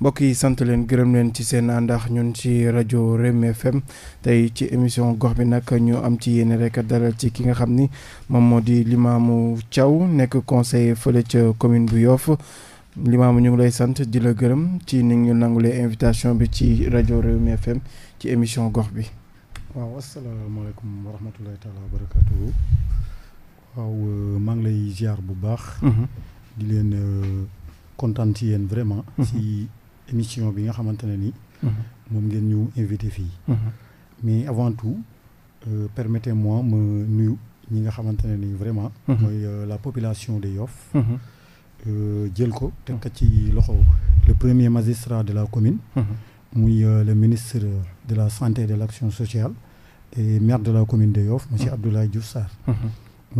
mbokk yi sant leen gërëm leen ci seen àndax ñun ci rajo Rewmi FM tey ci émission gox bi nag ñu am ci yéen rek dalal ci ki nga xam ni moom moo di Limamou caw nekk conseiller fële ca commune bu Yoff Limamou ñu ngi lay sant di la gërëm ci ni ñu nangulee invitation bi ci rajo Rewmi FM ci émission gox bi. waaw asalaamaaleykum wa rahmatulahi taala wa barakaatu. waaw euh, bu baax. Mhm. di euh, ci yéen vraiment. ci mhm. émission bi nga xamante ne ni. Mhm. moom ngeen ñu invité fii. Mhm. mais avant tout euh, permettez-moi ma nuyu ñi nga xamante ne ni vraiment. Mhm. mooy euh, la population de Yoff. Euh, jël ko teg ko ci loxo le premier magistrat de la commune. muy euh, le ministre de la santé et de l'action sociale et maire de la commune de Yoff monsieur Abdoulaye Diouf mu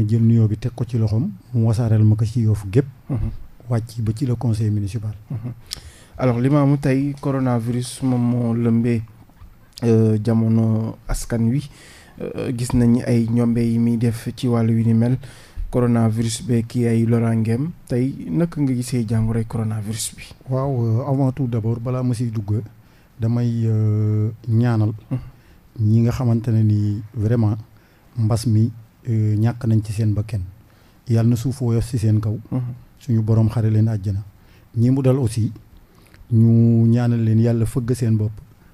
ma jël nuyoo bi teg ko ci loxoom mu wasaareel ma ko ci Yoff gépp wàcc ba ci le conseil municipal. alors limaamu tey coronavirus moom moo lëmbee euh, jamono askan wi euh, gis nañ ay ñombe yi muy def ci wàll wi ni mel coronavirus bee kii ay loraangeem tey naka nga gisee jàngoroy coronavirus bi. waaw euh, avant tout d'abord balaa ma si dugg damay euh, ñaanal. ñi nga xamante ne ni vraiment mbas mi ñàkk nañ ci seen bakkan yàlla na suuf woyof si seen kaw. suñu borom xare leen àjjana ñi mu dal aussi. ñu ñaana leen yàlla fëgg seen bopp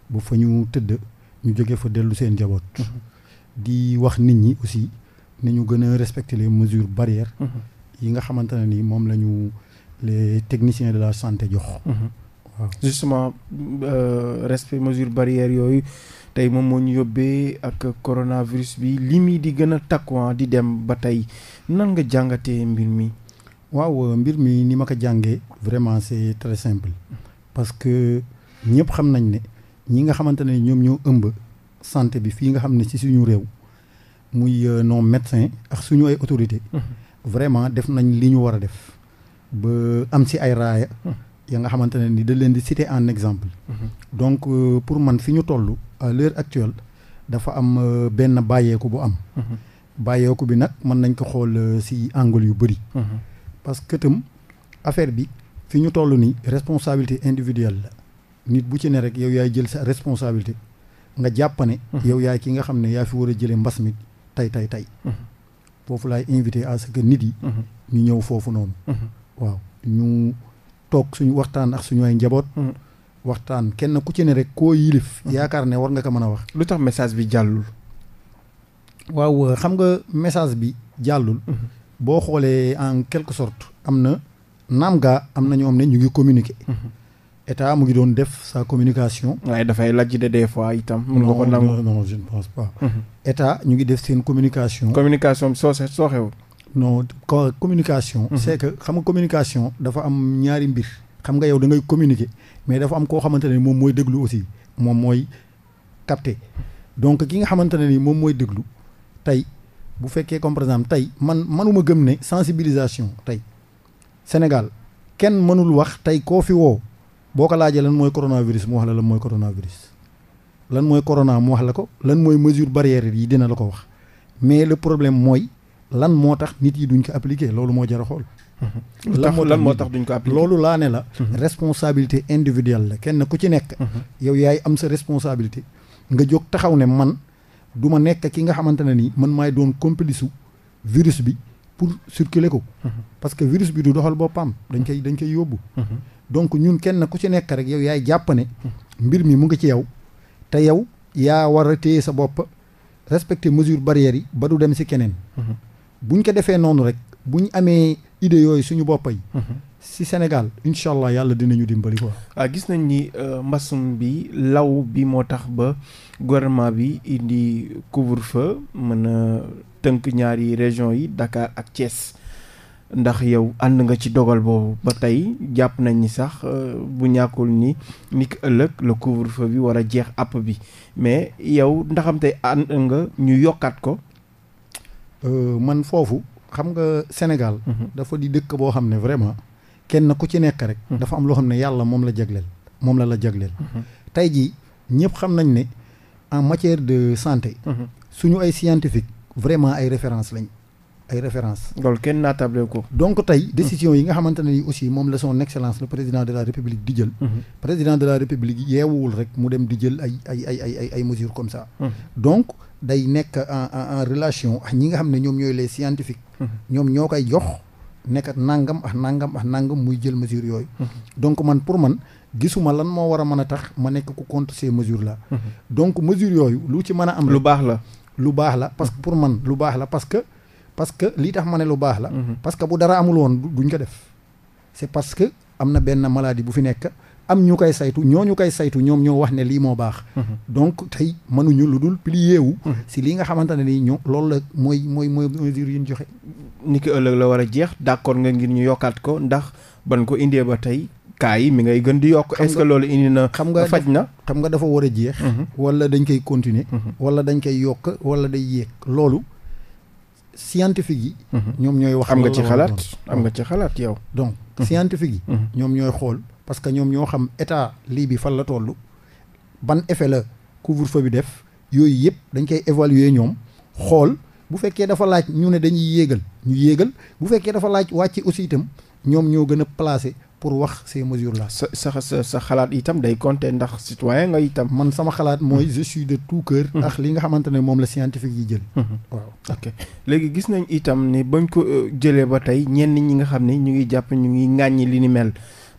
ba fa ñu tëdd ñu jóge fa dellu seen njaboot. Mm-hmm. di wax nit ñi aussi ne ñu gën a respecter les mesures barrières. Mm-hmm. yi nga xamante ne ni moom lañu ñu technicien techniciens de la santé jox. Mm-hmm. waaw justement euh, respect mesures yooyu tey moom moo ñu yóbbee ak coronavirus bi li muy di gën a takkuwaan ah di dem ba tey nan nga jàngatee mbir mi. waaw mbir mi ni ma ko jàngee vraiment c'est très simple. parce que ñëpp xam nañ ne ñi nga xamante ne ñoom ñoo ëmb santé bi fii nga xam ne ci suñu réew muy euh, non médecin ak suñu ay autorité vraiment def nañ li ñu war a def ba am si ay raaya ya nga xamante ne ni da leen di citer en exemple donc euh, pour man fi ñu toll à l'heure actuelle dafa am euh, benn bàyyeeku bu am bàyyeeku bi nag mën nañ ko xool ci angle yu bëri parce que tam affaire bi fi ñu toll nii responsabilité individuelle la nit bu ci ne rek yow yaay jël sa responsabilité nga jàpp ne. Mhm. yow yaay ki nga xam ne yaa fi war a jëlee mbas mi tey tey tey. Mhm. foofu laay invité à ce que nit yi. Mhm. ñu ñëw foofu noonu. waaw ñu toog suñu waxtaan ak suñu ay njaboot. waxtaan kenn ku ci ne rek koo yilif. yaakaar ne war nga ko mën a wax. lu tax message bi jàllul. waaw xam nga message bi jàllul. boo xoolee en quelque sorte am na naam gaa am na ñoo xam ne ñu ngi communiquer. Mhm. état mu ngi doon def sa communication. waaye dafay lajj de des fois itam. mun nga ko nangu non non je ne pense pas. Mhm. état ñu ngi def seen communication. communication bi soo sooxewul. non communication. Mhm. c'est que xam nga communication dafa am ñaari mbir. xam nga yow da ngay communiquer mais dafa am koo xamante ne moom mooy déglu aussi moom mooy capter donc ki nga xamante ne ni moom mooy déglu tey bu fekkee comme par exemple tey man manuma gëm ne sensibilisation tey. Sénégal kenn mënul wax tey koo fi woo boo ko laajee lan mooy coronavirus mu wax la lan mooy coronavirus lan mooy corona mu wax la ko lan mooy mesure barrière yi dina la ko wax mais le problème mooy lan moo tax nit yi duñ ko appliquer loolu moo jar a xool. lan moo tax duñ ko appliquer loolu laa ne la. Mhm. responsabilité individuelle la kenn ku ci nekk. Mhm. yow yaay am sa responsabilité. nga jóg taxaw ne man du ma nekk ki nga xamante ne nii man maay doon complice virus bi. pour circuler ko. parce que virus bi du doxal boppam. dañ koy dañ koy yóbbu. donc ñun kenn ku ci nekk rek yow yaay jàpp ne. mbir mi mu ngi ci yow. te yow yaa war a téye sa bopp respecter mesure barrières yi ba du dem si keneen. buñ ko defee noonu rek buñ amee idée yooyu suñu bopp yi. si Sénégal incha allah yàlla dinañu dimbali quoi. ah gis nañ ni euh, mbasum bi law bi moo tax ba gouvernement bi indi couvre-feu a. tënk ñaari région yi Dakar ak Thiès ndax yow ànd nga ci dogal boobu ba tey jàpp nañ ni sax euh, bu ñàkkul ni ni ki ëllëg le couvre-feu bi war a jeex app bi mais yow ndaxam tey ànd nga ñu yokkaat ko. Euh, man foofu xam nga Sénégal. Mhm. dafa di dëkk boo xam ne vraiment kenn ku ci nekk rek. Mhm. dafa am loo xam ne yàlla moom la jagleel moom la la jagleel. Mhm. tey jii ñëpp xam nañ ne matière de santé. suñu ay scientifique. vraiment ay référence lañ ay référence loolu kenn naatable ko. donc tey hmm. décision yi nga xamante ne ni aussi moom la son excellence le président de la république di jël. Hmm. président de la république yeewuwul rek mu dem di jël ay ay ay ay ay ay mesures comme ça. Hmm. donc day nekk en en relation ak ñi nga xam ne ñoom ñooy les scientifiques. ñoom ñoo koy jox. nekkat nangam ak nangam ak nangam muy jël mesure yooyu. donc man pour man gisuma lan moo war a mën a tax ma nekk ku contre ces mesures là. donc yooyu lu ci mën a am. lu baax la. lu baax la parce que pour man lu baax la parce que parce que lii tax ma ne lu baax la mhm. parce que bu dara amul woon duñ ko def c'est parce que am na benn maladie bu fi nekk am ñu koy saytu ñoo ñu koy saytu ñoom ñoo wax ne lii moo baax mhm. donc tey mënuñu lu dul plié wu mhm. si lii nga xamante ne nii ñoo loolu la mooy mooy mooy mesure yi ñu joxe ni ki ëllëg la war a jeex d'accord nga ngir ñu yokkaat ko ndax ban ko indee ba tey cas yi mi ngay gën di yokk est-ce que loolu indi na xam nga faj na xam nga dafa war a jeex mhm. wala dañ koy continuer mhm. wala dañ koy yokk wala day yéeg loolu scientifique yi mhm. ñoom ñooy wax am ci xalaat am nga ci xalaat yow donc scientifique yi ñoom ñooy xool parce que ñoom ñoo xam état lii bi fan la toll ban effet la couvre-feu bi def yooyu yëpp dañ koy évaluer ñoom xool bu fekkee dafa laaj ñu ne dañuy yéegal ñu yéegal bu fekkee dafa laaj wàcc aussi itam ñoom ñoo gën a placé pour wax ces mesures la sa sa sa xalaat itam day compter ndax citoyen nga itam. man sama xalaat mooy je de tout cœur. ndax li nga xamante ne moom la scientifique yi jël. waaw ok léegi gis nañ itam ne bañ ko euh, jëlee ba tey ñenn ñi nga xam ne ñu ngi jàpp ñu ngi ŋàññi li ni mel.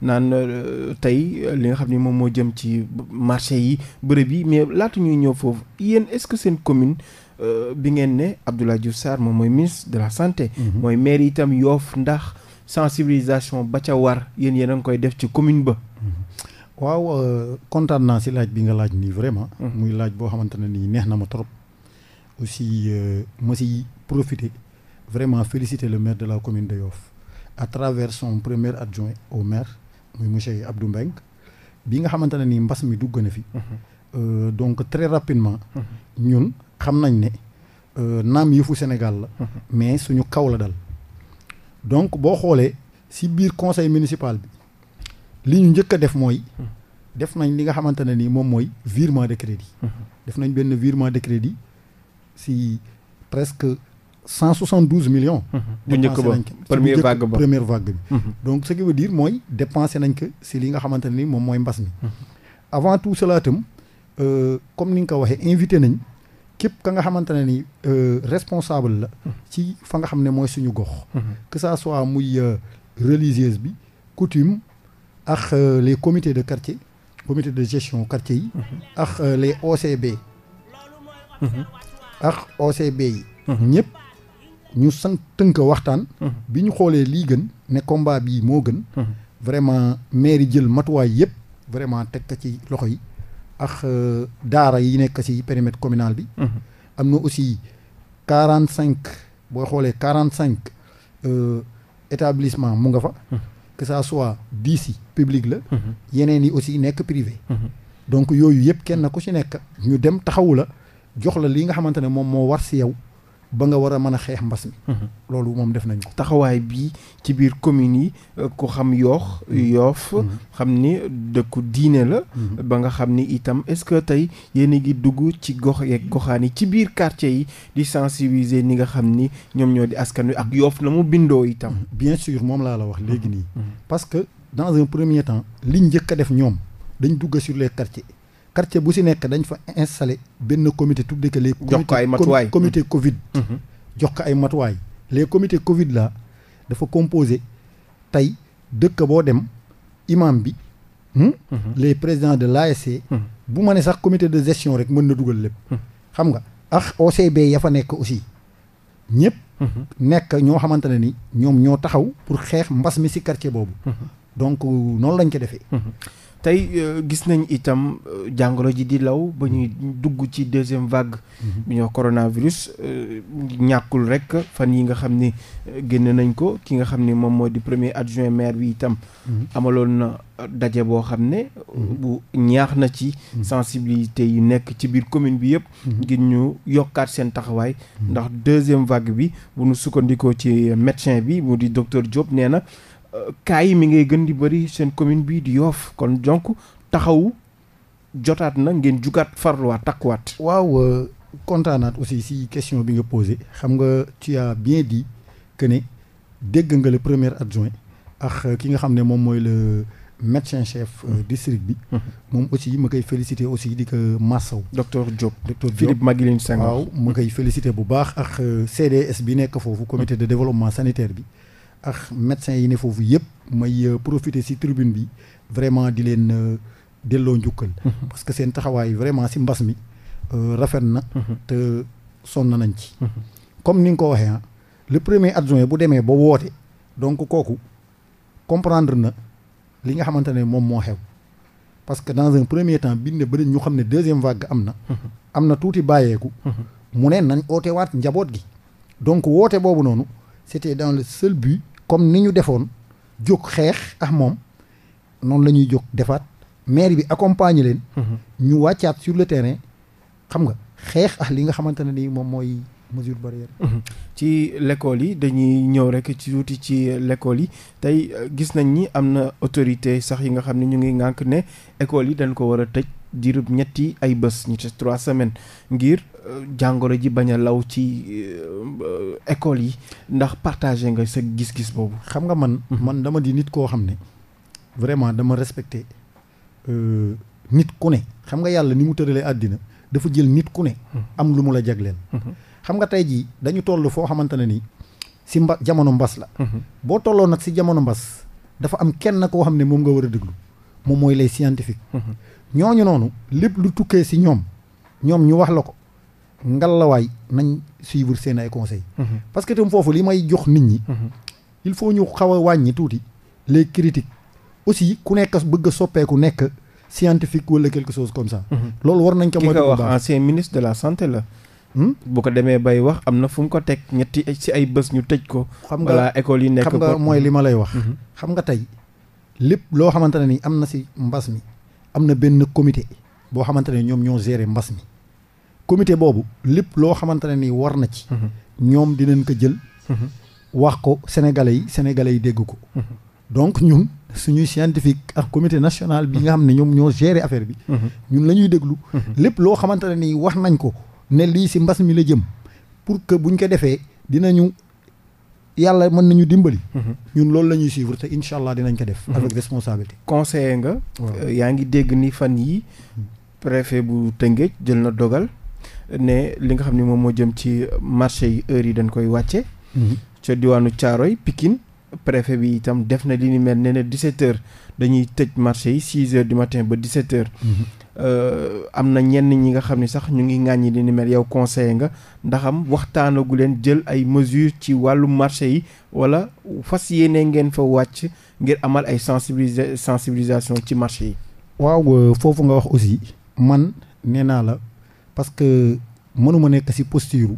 naan euh, tey li nga xam ne moom moo jëm ci marché yi bërëb yi mais laata ñuy ñëw foofu yéen est-ce que seen commune euh, bi ngeen ne Abdoulaye Diouf Sarr moom mooy ministre de la santé. mooy maire itam sensibilisation ba ca war yéen yéen a ngi koy def ci commune ba. waaw euh, kontaan naa si laaj bi nga laaj nii vraiment. Mm-hmm. muy laaj boo xamante ne nii neex na ma trop. aussi euh, ma si profité vraiment félicité le maire de la commune de Yoff à travers son premier adjoint au maire muy monsieur Abdou Mbengue bi nga xamante ne nii mbas mi dugg na fi. Mm-hmm. Euh, donc très rapidement. Mm-hmm. ñun xam nañ ne naam yëfu Sénégal la. mais suñu kaw la dal. donc boo xoolee si biir conseil municipal bi li ñu njëkk def mooy. def nañ li nga xamante ne ni moom mooy virement de crédit. def nañ benn virement de crédit si presque cent soixante douze million bu njëkk ba première vague ba première nañ ko si li nga xamante ne ni moom mooy mbas mi. avant tout cela itam euh, comme ni nga ko waxee invité nañ. képp ka nga xamante ne ni euh, responsable la hmm. ci fa nga xam ne mooy suñu gox hmm. que ça soit muy euh, religieuse bi coutume ak euh, les comités de quartier comité de gestion quartier yi hmm. ak les OCB ak OCB yi ñëpp ñu sant tënk waxtaan bi ñu xoolee lii gën ne combat bii moo gën vraiment maire yi jël matuwaay yëpp vraiment teg ko ci loxo yi ak euh, daara yi nekk ci périmètre communal bi. Mhm. am na aussi quarante cinq boo xoolee quarante cinq euh, établissement mu nga fa. Mhm. que ça soit dix public la. Mhm. yeneen yi aussi nekk privé. donc yooyu yëpp kenn ku ci nekk ñu dem taxawu la jox la li nga xamante ne moom moo war ci yow. ba nga war a mën a xeex mbas mi. Mhm. loolu moom def nañ ko. taxawaay bi ci biir commune yi euh, ko xam yoox mhm. yoof mhm. xam ni dëkku diine la. ba nga xam ni itam est-ce que tey yéen a ngi dugg ci gox yeeg goxaan yi ci biir quartier yi di sensibiliser ni nga xam ni ñoom ñoo di askan wi ak yoof na mu bindoo itam. bien sûr moom laa la wax léegi nii. parce que dans un premier temps liñ njëkk a def ñoom dañ dugg sur les quartiers. quartier bu si nekk dañ fa installé benn comité tuddee que ko ay matuwaay comité mm-hmm. Covid. Mm-hmm. jox ko ay matuwaay les comité Covid la dafa composé tey dëkk boo dem imam bi. Hmm? Mm-hmm. les président de l'ASC. bu ma ne sax comité de gestion rek mën na dugal lépp. xam nga ak OCB ya fa nekk aussi ñëpp. nekk ñoo xamante ne ni ñoom ñoo taxaw pour xeex mbas mi ci quartier boobu. donc euh, noonu lañ ko defee. tey euh, gis nañ itam euh, jàngoro ji di law ba ñuy dugg ci deuxième vague mhm. bi ñoo coronavirus euh, ñàkkul rek fan yi nga xam ni génn nañ ko ki nga xam ni moom moo di premier adjoint maire bi itam mhm. amaloon na daje boo xam ne mhm. bu ñaax na ci sensibilité yi nekk ci biir commune bi yëpp ngir ñu yokkaat seen taxawaay ndax deuxième vague bi bu ñu sukkandikoo ci médecin bi mu di docteur Diop nee na cas yi mi ngay gën di bëri seen commune bi di yoof kon jonk taxaw jotaat na ngeen jugaat farluwaat takkuwaat. waaw euh, kontaanaat aussi si question bi nga posé xam nga tu bien di que ne dégg nga le premier adjoint ak euh, ki nga xam ne moom mooy le. médecin chef euh, mm-hmm. district bi. Mm-hmm. moom aussi ma koy félicité aussi di ko Massaw. docteur Diop docteur Diop Philippe Maguilène Senghor waaw ma koy félicité bu baax ak euh, CDS bi nekk foofu. comité de développement sanitaire bi. ak médecins yi ne foofu yëpp may euh, profiter si tribune bi vraiment di leen euh, delloo njukkal. Mhm. parce que seen taxawaay vraiment si mbas mi euh, rafet na. Mhm. te sonn nañ ci. Mhm. comme ni nga ko waxee ah le premier adjoint bu demee ba woote donc kooku comprendre na li nga xamante ne moom moo que dans premier temps biñ ne bëri ñu xam ne deuxième vague am na. am na tuuti bàyyeeku. mu ne nañ waat njaboot gi. donc woote boobu noonu c'était dans le seul but comme ni ñu defoon jóg xeex ak moom noonu la ñuy jóg defaat maire bi accompagner leen. Mhm. ñu wàccaat sur le terrain xam nga xeex ak li nga xamante ne ni moom mooy. mesure barrière mhm. ci lekkool yi dañuy ñëw rek ci tuuti ci lekkool yi tey gis nañ ni am na autorité sax yi nga xam ne ñu ngi ŋànk ne école yi dañ ko war a tëj diirub ñetti ay bés ñu ci trois semaines ngir jàngoro ji bañ a law ci euh, école yi ndax partagé nga sa gis-gis boobu. xam nga man. Mhm. man dama di nit koo xam ne vraiment dama respecté euh, nit ku ne xam nga yàlla ni mu tëralee àddina dafa jël nit ku ne. Mhm. am lu mu la jagleel. Mhm. xam nga tey ji dañu toll foo xamante ne nii si mba jamono mbas la. boo tolloo nag si jamono mbas dafa am kenn koo xam ne moom nga war a déglu moom mooy les scientifiques. ñooñu noonu lépp lu tukkee si ñoom ñoom ñu wax la ko. ngalawaay nañ suivre seen ay conseils. Mhm. parce que tam foofu li may jox nit ñi. Mhm. il faut ñu xaw a wàññi tuuti les critiques aussi ku nekk bëgg a soppeeku nekk scientifique wala quelque chose comme ça. Mhm. loolu war nañ ko moytu bu baax ki nga wax la santé la. Hmm? bu ko demee bay wax am na fu ko teg ñetti ci ay bés ñu tëj ko. xam nga wala école yi nekk ko mooy li ma lay wax. xam nga tey lépp loo xamante ne ni am na si mbas mi am na benn comité boo xamante ne ñoom ñoo gérer mbas mi. comité boobu lépp loo xamante ne ni war na ci. Mhm. ñoom dinañ ko jël. Mhm. wax ko sénégalais yi sénégalais yi dégg ko. Mhm. donc ñun suñuy scientifique ak comité national bi nga xam ne ñoom ñoo gérer affaire bi. ñun la ñuy déglu. lépp loo xamante ne ni wax nañ ko ne lii si mbas mi la jëm pour que buñ ko defee dinañu. yàlla mën nañu dimbali. ñun loolu la ñuy suivre te allah dinañ ko def. avec responsabilité. conseiller nga. Euh, yaa ngi dégg ni fan yi préfet bu Tëngéej jël na ne li nga xam ne moom moo jëm ci marché yi heure yi dañ koy wàcce mhm. ca diwaanu Thiaroye Pikine préfet bi itam def na li ni mel nee na 17h dañuy tëj marché yi 6h du matin ba 17h. Mhm. Euh, am na ñenn ñi nga xam ne sax ñu ngi ŋàññi li ni mel yow conseiller nga ndaxam waxtaanagu leen jël ay mesures ci wàllu marché yi wala fas yéene ngeen fa wàcc ngir amal ay sensibilisation ci marché yi. waaw euh, foofu nga wax aussi man nee naa la. parce que mënuma nekk si posture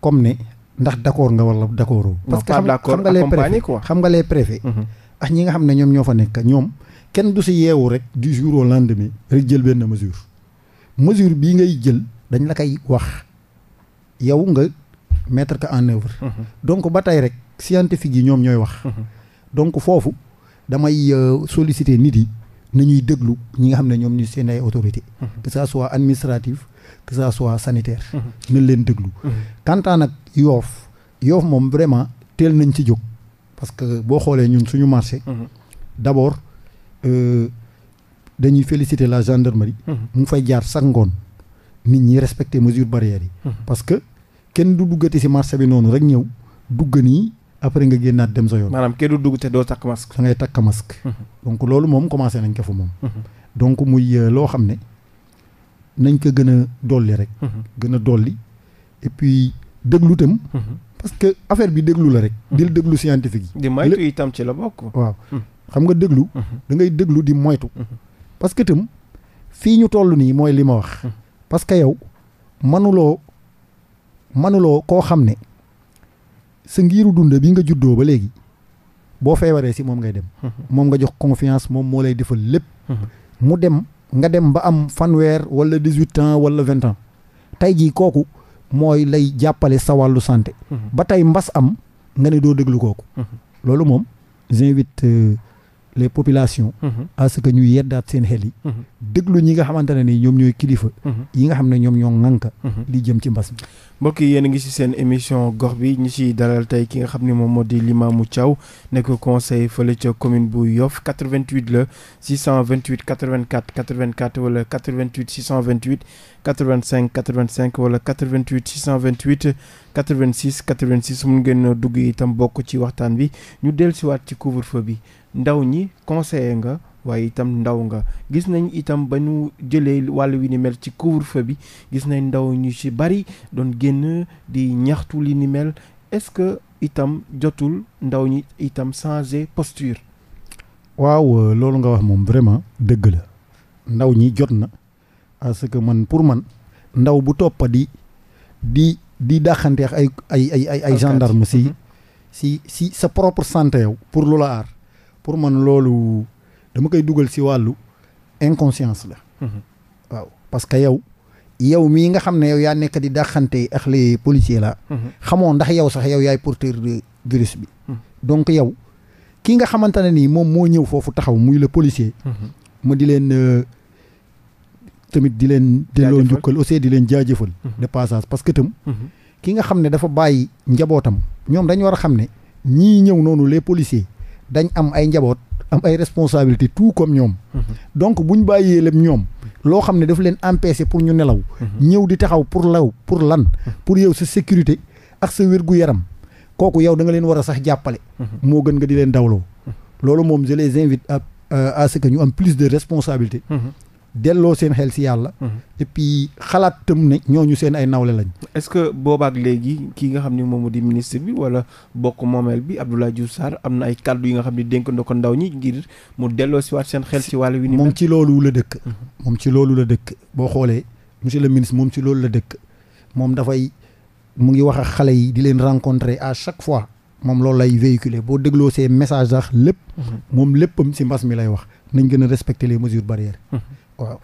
comme ne ndax d' accord nga wala d' accord parce que xam nga les préfets xam nga les ñi nga xam ne ñoom ñoo fa nekk ñoom kenn du si yeewu rek di jour au lendemain rek jël benn mesure mesure bii ngay jël dañ la koy wax yow nga mettre ko en œuvre mm-hmm. donc ba tey rek scientifique yi ñoom ñooy wax mm-hmm. donc foofu damay euh, solliciter nit yi ñuy déglu ñi nga xam ne ñoom ñu seen ay autorité mm-hmm. que ça soit administrative que ça soit sanitaire. Mhm. nañ leen déglu. Mhm. quant à yoof yoof moom vraiment teel nañ ci jóg. parce que boo xoolee ñun suñu marché. Mhm. d' abord euh, dañuy féliciter la gendarmerie. mu fay jaar sax ngoon nit ñi respecter mesures barrières yi. parce que kenn du duggati ci marché bi noonu rek ñëw dugg nii après nga génnaat dem sa yoon. maanaam kenn du dugg te doo takk masque. da takk masque. donc loolu moom commencé nañ ko fa moom. donc muy euh, loo xam ne. nañ ko gën a dolli rek. Mhm. gën a dolli et puis déglu tam. Mhm. parce que affaire bi déglu la rek. Mhm. dil déglu scientifique yi. di moytu itam ci la bokk. waaw xam nga déglu. da ngay déglu di moytu. parce que tam fii ñu toll nii mooy li ma wax. parce que yow manuloo manuloo koo xam ne sa ngiiru dund bi nga juddoo ba léegi boo feebaree si moom ngay dem. moom nga jox confiance moom moo lay defal lépp. mu dem. nga dem ba am fanweer wala dix-huit ans wala vingt ans tey jii kooku mooy lay jàppale sa wàllu santé. Mhm. ba tey mbas am nga ne doo déglu kooku. Mhm. loolu moom j'invite euh, les populations. Mhm. à ce que ñu yeddaat seen xel yi. déglu ñi nga xamante ni ñoom ñooy kilifa. yi nga xam ne ñoom ñoo ŋànk. li jëm ci mbas mi. mbokk yi yéen a ngi si seen émission gox bi ñu si dalal tey ki nga xam ne moom moo di Limamou Thiaw nekk conseil fële ca commune bu Yoff 88 la 628 84 84 wala 88 628 85 85 wala 88 628 86 86 mun ngeen dugg itam bokk ci waxtaan bi ñu dellusiwaat ci couvre-feu bi ndaw ñi conseiller nga. waaye itam ndaw nga gis nañ itam ba ñu jëlee wàll wi ni mel ci couvre-feu bi gis nañ ndaw ñu ci bari doon génn di ñaxtu li ni mel est-ce que itam jotul ndaw ñi itam changer posture. waaw euh, loolu nga wax moom vraiment dëgg la ndaw ñi jot na parce que man pour man ndaw bu toppa di di di daxante ay ay ay ay ay gendarme mhm. si si sa propre santé yow pour lu la aar pour man loolu dama koy dugal si wàllu inconscience la. Mhm. waaw parce que yow mii nga xam ne yow yaa nekk di daxante ak les policiers la. Mhm. xamoo ndax yow sax yow yaay porteur de virus bi. Mhm. donc yow ki nga xamante ne nii moom moo ñëw foofu taxaw muy la policier. ma di leen euh, tamit di leen. delloo njukkal aussi di leen jaajëfal. de passage parce que tam. ki nga xam ne dafa bàyyi njabootam ñoom dañ war a xam ne ñii ñëw noonu les policiers dañ am ay njaboot am ay responsabilité tout comme ñoom mhm. donc bu ñu bàyyee lépp ñoom loo xam ne daf leen empêcher pour ñu nelaw mhm. ñëw di taxaw pour law pour lan mhm. pour yow sa sécurité ak sa wér-gu-yaram kooku yow da nga leen war a sax jàppale moo gën nga di leen dawloo loolu moom je les invite à à ce plus de responsabilité delloo seen xel si yàlla. Mhm. et xalaat tam ne ñu seen ay nawle lañ. est-ce que boobaak léegi kii nga xam ni moom mu di ministre bi wala bokk moomeel bi Abdoulaye Diouf Sarr am na ay kàddu yi nga xam ni dénk na ko ndaw ñi ngir mu delloo si waat seen xel si wàllu wi. moom ci loolu la dëkk. Mhm. moom ci loolu la dëkk boo xoolee monsieur le ministre moom ci loolu la dëkk moom dafay mu ngi wax ak xale yi di leen rencontrer à chaque fois. moom loolu lay véhiculer boo dégloo see message sax lépp. Mhm. moom léppam si mbas mi lay wax nañ gën a respecter les mesures barrières. waaw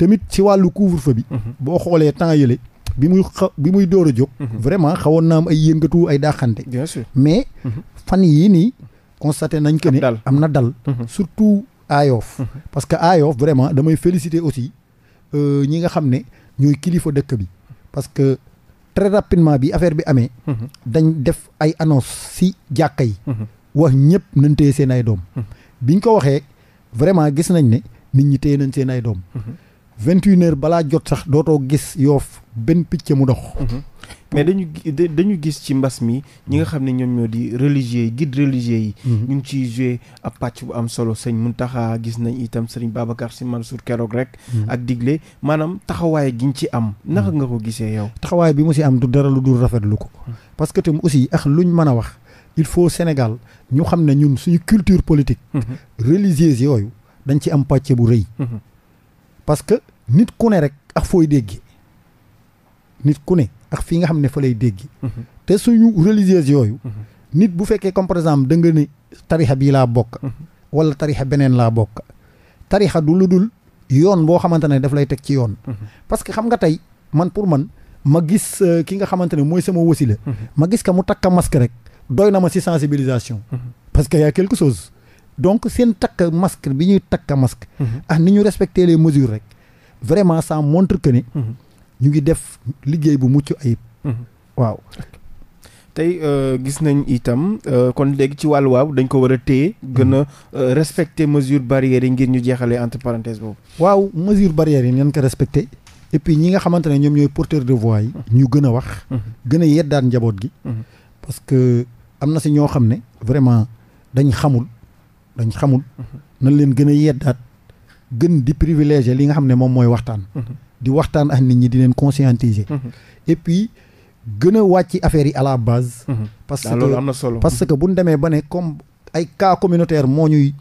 tamit ci wàllu couvre-feu bi. Mhm. boo xoolee temps yële bi muy xa bi muy door jóg. Mhm. vraiment xawoon na am ay yëngatu ay daaxante. bien sûr mais mhm. fan yii nii constaté nañ que ne am na dal. surtout Ayof. parce que Ayof vraiment damay féliciter aussi euh, ñi nga xam ne ñooy kilifa dëkk bi parce que. très bi affaire bi amee dañ def ay annonce si jàkka yi wax ñëpp nañ téye seen ay doom biñ ko waxee vraiment gis nañ ne nit ñi téye nañ seen ay doom. Mhm. vingt une balaa jot sax doo dootoo gis yoof benn picc mu dox. Mhm. mais dañu dañu gis ci mbas mi ñi nga xam ne ñoom ñoo di religieux yi guide religieux yi. Mhm. ñu ngi ciy joué ab pàcc bu am solo sëñ taxa gis nañ itam sëriñ Babacar man Mansour keroog rek. ak digle maanaam taxawaay gi ñu ci am. naka nga ko gisee yow. taxawaay bi mu si am du dara lu dul lu ko. parce que tam aussi lu ñu mën a wax il faut Sénégal ñu xam ne ñun suñu culture politique. religieuse yooyu. dañ ci am pàcce bu rëy. Mm-hmm. parce que nit ku ne rek ak fooy dégg nit ku ne ak fii nga xam ne fa lay dégg. Mm-hmm. te suñu religieuse yooyu. Mm-hmm. nit bu fekkee comme par exemple da nga ni tarixa bii laa bokk. wala tarixa beneen laa bokk. tarixa du lu dul yoon boo xamante ne daf lay teg ci yoon. parce que xam nga tey man pour man ma gis euh, ki nga xamante ne mooy sama wasila. ma gis ka mu takka masque rek doy na ma si sensibilisation. parce que quelque chose. donc seen takk masque bi ñuy takk masque. Mhm. ah ni ñu respecter les mesures rek vraiment ça montre que ni. Mhm. ñu ngi def liggéey bu mucc ayib. Mhm. waaw. tey euh, gis nañ itam euh, kon léegi ci wàllu waaw dañ ko war a téye gën a euh, respecter mesure barrières yi ngir ñu jeexalee entre parenthèses boobu. waaw mesure barrières yi nañ ko respecter et puis ñi nga xamante ne ñoom ñooy porteur de voix yi. ñu gën wax. gën a yeddaat njaboot gi. parce que am na si ñoo xam ne vraiment dañ xamul. dañ xamul nañ leen gën a yeddaat gën di privilégier li nga xam ne moom mooy waxtaan mm-hmm. di waxtaan ak nit ñi di leen conscientiser mm-hmm. et puis gën a wàcc affaire yi à la base mm-hmm. parce que am na solo parce que bu ñu ba ne comme ay cas communautaire moo ñuy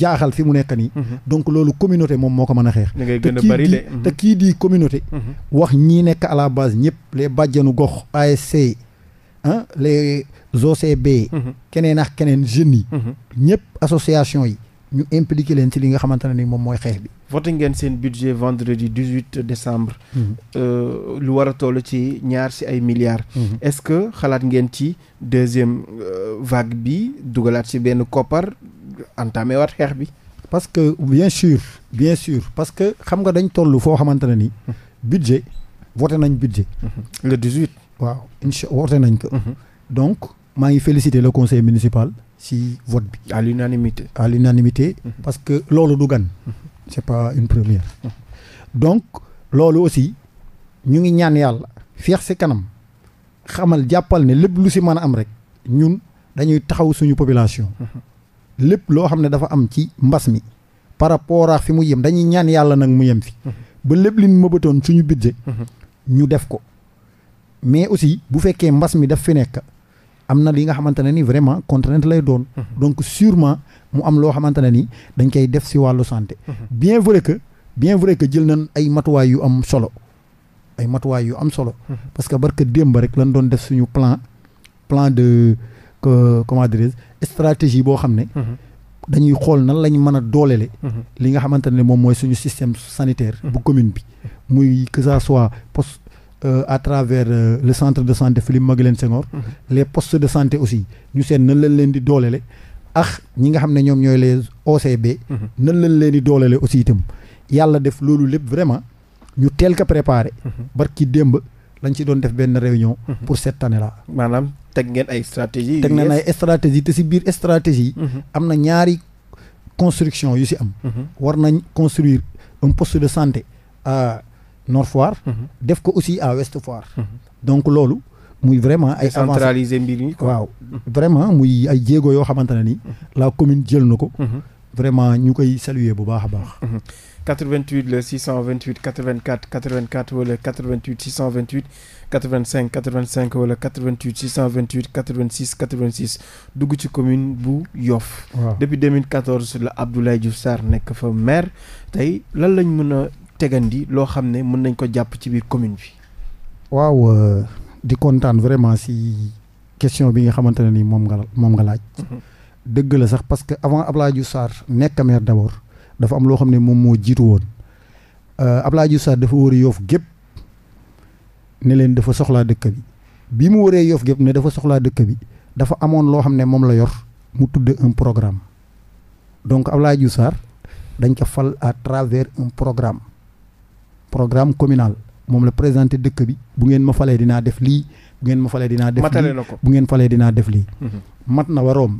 jaaxal fi mu nekk nii donc loolu communauté moom moo ko mën a xeex te kii di communauté wax ñii nekk à la base ñëpp les gox ASC OCB mhm. keneen ak keneen jeunes yi mhm. ñëpp association yi ñu impliqué leen ci li nga xamante ne ni moom mooy xeex bi voté ngeen seen budget vendredi dix-huit décembre mhm. euh, lu war a toll ci ñaar si ay milliards est-ce que xalaat ngeen ci deuxième euh, vague bi dugalaat si benn koppar entamé waat xeex bi parce que bien sûr bien sûr parce que xam nga dañ toll foo xamante ne ni budget voté nañ budget le dix-huit waaw incha voté nañ ko maa ngi féliciter le conseil municipal si vote bi. à l'unanimité à l'unanimité mmh. parce que loolu du gan. Mm-hmm. c'est pas une première. Mm-hmm. donc loolu aussi ñu ngi ñaan yàlla. feex si kanam xamal jàppal ne lépp lu si mën a am rek ñun dañuy taxaw suñu population. Mm-hmm. lépp loo xam ne dafa am ci mbas mi. par rapport a fi mu yem dañuy ñaan yàlla nag mu yem fi. ba lépp li ñu suñu budget ñu def ko. mais aussi bu fekkee mbas mi daf fi nekk. am na li nga xamante ne ni vraiment contrainte lay doon. Mhm. donc sûrement mu am loo xamante ne ni dañ koy def si wàllu santé. Mhm. bien vrai que bien vrai que jël nañ ay matuwaay yu am solo ay matuwaay yu am solo. Mhm. parce que barka démb rek lañ doon def suñu plan plan de comment dirais-je stratégie boo xam ne. dañuy xool na lañ mën a doolele. li nga xamante ne moom mooy suñu système sanitaire. bu commune bi muy que ça soit Euh, à travers euh, le centre de santé Philippe Maguilène Senghor mhm. les postes de santé aussi ñu seet nan lañ leen di doolele ak ñi nga xam ne ñoom ñooy les OCB mhm. nan lañ leen di doolele aussi itam yàlla def loolu lépp vraiment ñu teel préparé mhm. barki démb lañ ci doon def benn réunion pour cette année là maanaam teg ngeen ay stratégie teg nañ ay te si biir stratégie am na ñaari construction yu si am war nañ construire un poste de santé Nord Foire. Mhm. def ko aussi à Ouest Foire. Mhm. donc loolu muy vraiment ay. centraliser mbir mi waaw vraiment muy ay jéego yoo xamante ne ni. Mhm. la commune jël na ko. vraiment ñu koy saluer bu baax a baax. 88 le 628 84 84 wala 88 628 85 85 wala 88 628 86 86 dugg ci commune bu Yoff. waaw depuis 2014 la Abdoulaye Diouf Sarr nekk fa maire tey lan lañ mën a. tegandi loo xam ne mën nañ ko jàpp ci biir commune bi. waaw euh, di kontaan vraiment si question bi nga xamante ne ni moom nga moom nga laaj. Mhm. dëgg la sax parce que avant Abdoulaye Diouf Sarr nekk maire d' abord dafa am loo xam ne moom moo jiitu woon euh, Abdoulaye Diouf Sarr dafa wër yoof gépp ne leen dafa soxlaa dëkk bi bi mu wëree yoof gépp ne dafa soxlaa dëkk bi dafa amoon loo xam ne moom la yor mu tudd un programme donc Abdoulaye Diouf Sarr dañ ko fal à travers un programme programme communal moom la présenté dëkk bi bu ngeen ma falee dinaa def lii bu ngeen ma falee dinaa def lii bu ngeen falee dinaa def lii mhm. mat na waroom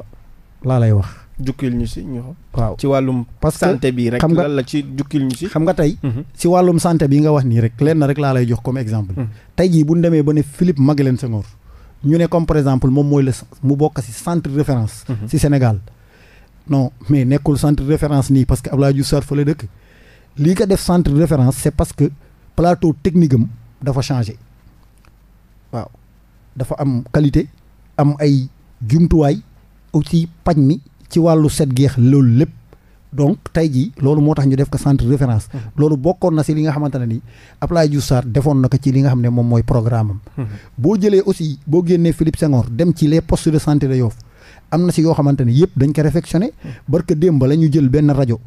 laa lay wax jukkil ñu si ñu waaw ci wàllum parce que mhm. santé bi nga wax nii rek lenn rek laa lay jox comme exemple mhm. tey jii bu ñu ba ne Philippe Maguilène ñu ne comme par exemple moom mooy la mu bokk centre référence si Sénégal non mais nekkul centre référence nii parce que Abdoulaye lii ko def centre de référence c'est parce que plateau technique dafa changé waaw dafa am qualité am ay jumtuwaay aussi paj mi ci wàllu set geex loolu lépp donc tey jii loolu moo tax ñu def ko centre de référence mmh. loolu bokkoon na si li nga xamante ne ni Abdoulaye Diouf Sarr defoon na ko ci li nga xam ne moom mooy programme mmh. boo jëlee aussi boo génnee Philippe Senghor dem ci les postes de santé de Yoff am na si yoo xamante ne yëpp dañ ko réfectionné mmh. barke démb la ñu jël benn rajo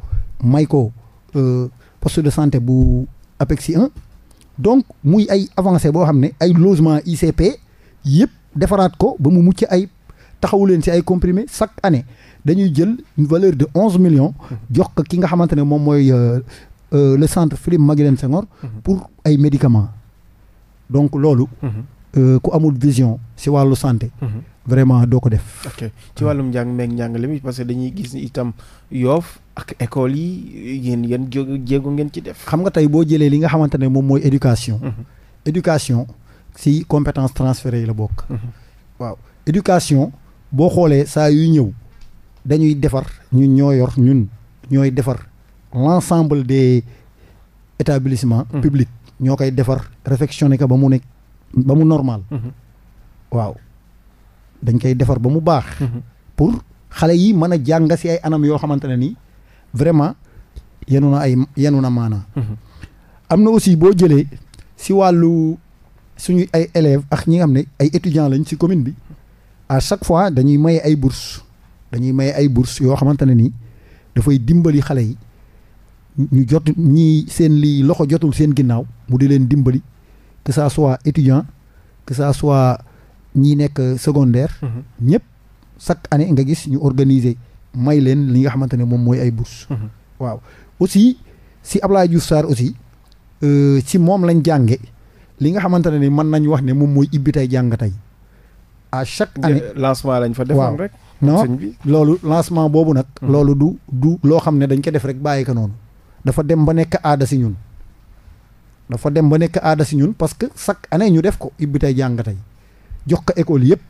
may ko Euh, poste de santé bu APEXI 1 donc muy ay avancé boo xam ne ay logement ICP yëpp defaraat ko ba mu mucc ay taxawu leen si ay comprimé chaque année dañuy jël une de onze millions jox ko ki nga xamante ne moom mooy euh, euh, le centre Philippe Maguilène Senghor mhm. pour ay médicaments donc loolu mhm. ku amul vision si wàllu santé mhm. vraiment doo ko def ok ci wàllum njàng meeg njàngale mi parce que dañuy gis ni itam yoof ak école yi yéen yéen jéego ngeen ci def. xam nga tey boo jëlee li nga xamante ne moom mooy éducation. Mhm. éducation si compétence transférée yi la bokk. Mhm. waaw éducation boo xoolee saa yu ñëw dañuy defar ñu ñoo yor ñun ñooy defar l'ensemble de établissements mhm. publics ñoo koy defar réfectionné ko ba mu nekk ba mu normal. waaw dañ koy defar ba mu baax. pour xale yi mën a jàng si ay anam yoo xamante nii. vraiment yenu na ay yenu na maanaa mhm. am na aussi boo jëlee si wàllu suñu ay élèves ak ñi nga xam ne ay étudiants lañ si commune bi à chaque fois dañuy maye ay bourses dañuy maye ay bourses yoo xamante ne nii dafay dimbali xale yi ñu jot ñii seen lii loxo jotul seen ginnaaw mu di leen dimbali que ça soit étudiant que ça soit ñii nekk secondaire. Mhm. ñëpp chaque année nga gis ñu organiser may leen li nga xamante ne moom mooy ay bourse mhm. waaw aussi si Ablaye Diouf Sarr aussi euh, si moom lañ jànge li nga xamante ne ni mën nañ wax ne moom mooy ibbi tey jàng tey chaque année lancement lañ fa defoon rek non loolu lancement boobu nag mhm. loolu du du loo xam ne dañ ko def rek bàyyi ko noonu dafa dem ba nekk aada si ñun dafa dem ba nekk aada si ñun parce que chaque année ñu def ko ibbi tey jox ko école yëpp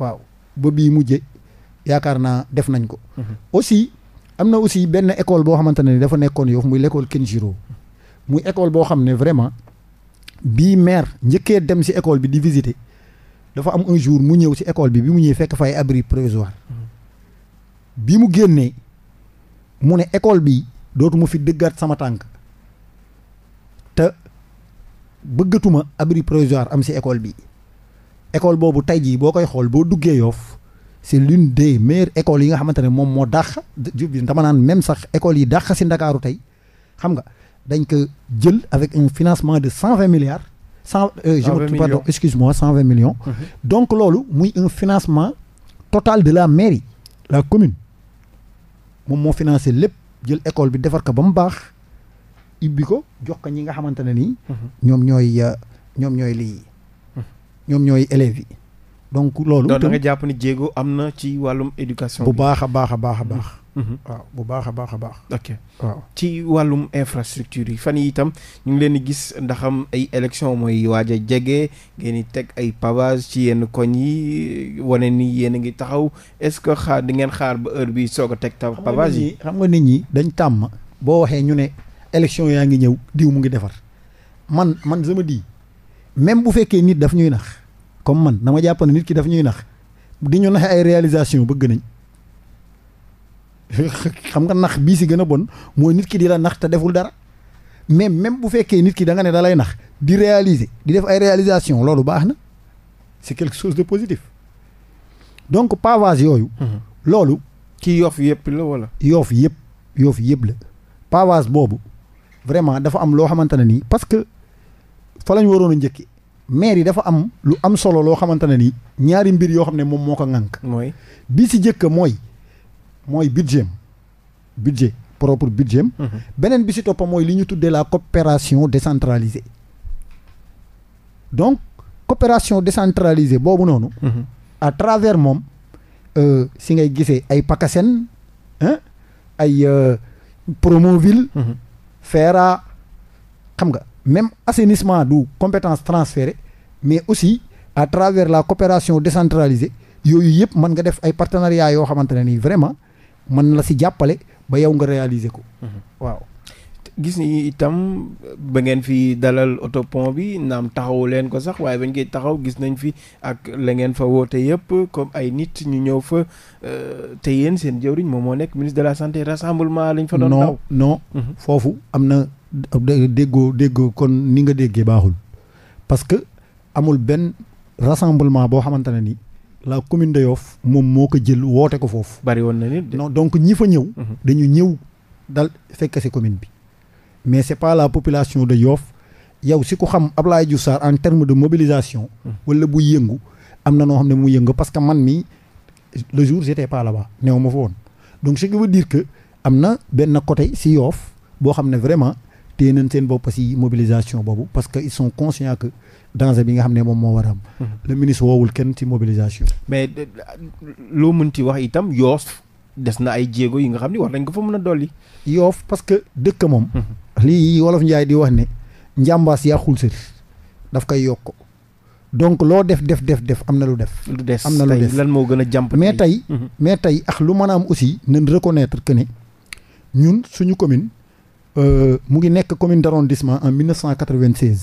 waaw ba bii mujje yaakaar naa def nañ ko. Mhm. aussi am na aussi benn école boo xamante ne dafa nekkoon Yoff muy l' kenn Kenjiro muy école boo xam ne vraiment bii maire njëkkee dem si école bi di visité dafa am un jour mu ñëw si école bi bi mu ñëwee fekk fay abri provisoire mhm. bi mu génnee mu ne école bi dootuma fi dëggaat sama tànk te bëggatuma abri provisoire am si école bi école boobu tey jii boo koy xool boo duggee yoof c' est l'une des meilleures écoles yi nga xamante ne moom moo dàq jub dama naan même sax école yi dàq si ndakaaru tey xam nga dañ ko jël avec un financement de cent vingt milliards cent euh, je me pardon vingt millions mm-hmm. donc loolu muy un financement total de la mairie la commune moom moo financé lépp jël école bi defar ko ba mu baax ibbi ko jox ko ñi nga xamante ne nii mm-hmm. ñoom ñooy euh, ñoom ñooy lii mm-hmm. yi donc loolu. da nga jàpp ni jéego am na ci wàllum éducation. bu baax a baax a baax a baax. Mm-hmm. Mm-hmm. waaw bu baax a baax a baax. ok waaw ci wàllum infrastructure yi fan yi itam ñu ngi leen di gis ndaxam ay élection mooy waaj a jege ngeen di teg ay pavage ci yenn koñ yi wane ni yéen a ngi taxaw est-ce que xaar di ngeen xaar ba heure bi soog a teg. ta pavage yi xam nga nit ñi dañ tàmm. boo waxee ñu ne élection yaa ngi ñëw diw mu ngi defar man man sama di même bu fekkee nit daf ñuy nax. comme man dama jàpp ne nit ki daf ñuy nax di ñu naxe ay réalisation bëgg nañ xam nga nax bii si gën a bon mooy nit ki di la nax te deful dara mais même bu fekkee nit ki da nga ne dalay nax di réaliser di def ay réalisation loolu baax na c'est quelque chose de positif donc pavage yooyu. Mhm. loolu. ci yoof yëpp la wala. yoof yëpp yoof yëpp la pavage boobu vraiment dafa am loo xamante ne nii parce que fa la waroon a njëkki maire yi dafa am lu am solo loo xamante ne ni ñaari mbir yoo xam ne moom moo ko ŋànk. mooy bi si jëkk mooy mooy budget budget propre budget mm -hmm. beneen bi si toppa mooy li ñu tuddee la coopération décentralisée donc coopération décentralisée boobu noonu. Mm -hmm. travers moom euh, si ngay gisee ay PACASEN ay euh, Promoville. Mm xam nga. même assainissement du compétence transférée mais aussi à travers la coopération décentralisée yooyu yëpp mën nga def ay partenariats yoo xamante ne nii vraiment mën la si jàppale ba yow nga réaliser ko mhm. waaw gis nii itam ba ngeen fi dalal autopont bi naam taxawu leen ko sax waaye bañ koy taxaw gis nañ fi ak la ngeen fa woote yëpp comme ay nit ñu ñëw fa euh, te yéen seen jëwriñ moom moo nekk ministre de la santé rassemblement lañ fa doon daw non mhm. foofu am na déggoo déggoo kon ni nga déggee baaxul parce que amul benn rassemblement boo xamante ne ni la commune de Yoff moom moo ko jël woote ko foofu. bari woon na nit non donc ñi fa ñëw. Mhm. dañu ñëw dal fekk si commune bi. mais c'est pas la population de Yoff yow si ku xam Ablaye Diouf Sarr en terme de mobilisation hmm. wala bu yëngu am na noo xam ne mu yëngu parce que man mii le jour j'étais pas là ma fa woon donc ce qui veut dire que am na benn côté si Yoff boo xam ne vraiment te nañ seen bopp si mobilisation boobu parce que ils son conscients que danger bi nga xam ne moom moo war a am hmm. le ministre woowul kenn ci mobilisation mais loo mën mënti wax itam Yoff des na ay jéego yi nga xam ni war nañ ko fa mën a dolli Yoff parce que dëkk moom hmm. lii wolof njaay di wax ne njàmbaas yàqul sër daf koy yokk donc loo def def def def am na lu def. lu des am na lu des mais tey mhm. mais tey ak lu mën a am aussi nañ reconnaître que ne ñun suñu commune euh, mu ngi nekk commune d'arrondissement en 1996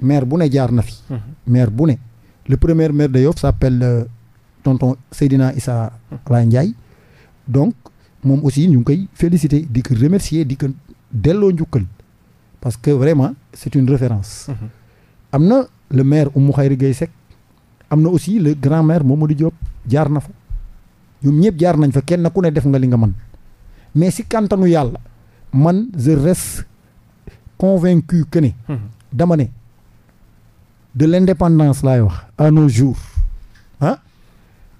maire bu ne jaar na fi. Mhm. maire bu ne le premier maire de sa s'appelle euh, tonton Seydina Issa mhm. Laye Ndiaye donc moom aussi ñu ngi koy féliciter di ko remercier di ko delloo njukkal parce que vraiment c'est une référence. Mm-hmm. am na le maire Oumou Khayri Gueye Seck am na aussi le grand maire Mamadou Diop jaar na fa ñoom ñëpp jaar nañ fa kenn ku ne def nga li nga mën mais si kàntanu yàlla man je reste convaincu que ne. Mm-hmm. dama ne de l'indépendance laay wax à nos jours ah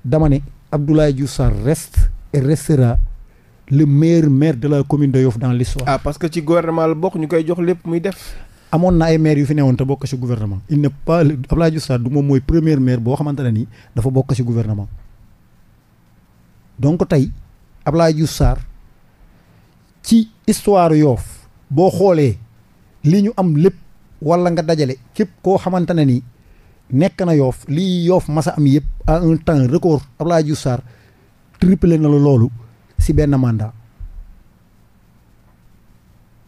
dama ne Abdoulaye Diouf Sarr reste et restera. le meilleur maire de la commune de Yoff dans l'histoire ah parce que ci gouvernement la bokk ñu koy jox lépp muy def amoon na ay maire yu fi newoon bokk ci gouvernement il n'est pas Abdoulaye Diouf Sarr du moom mooy premier maire boo xamante ne nii dafa bokk ci gouvernement donc tey Abdoulaye Diouf Sarr ci histoire yoof boo xoolee li ñu am lépp wala nga dajale képp koo xamante ne nii nekk na Yoff lii Yoff masa am yëpp à un temps record Abdoulaye Diouf Sarr triplé na la loolu si benn mandat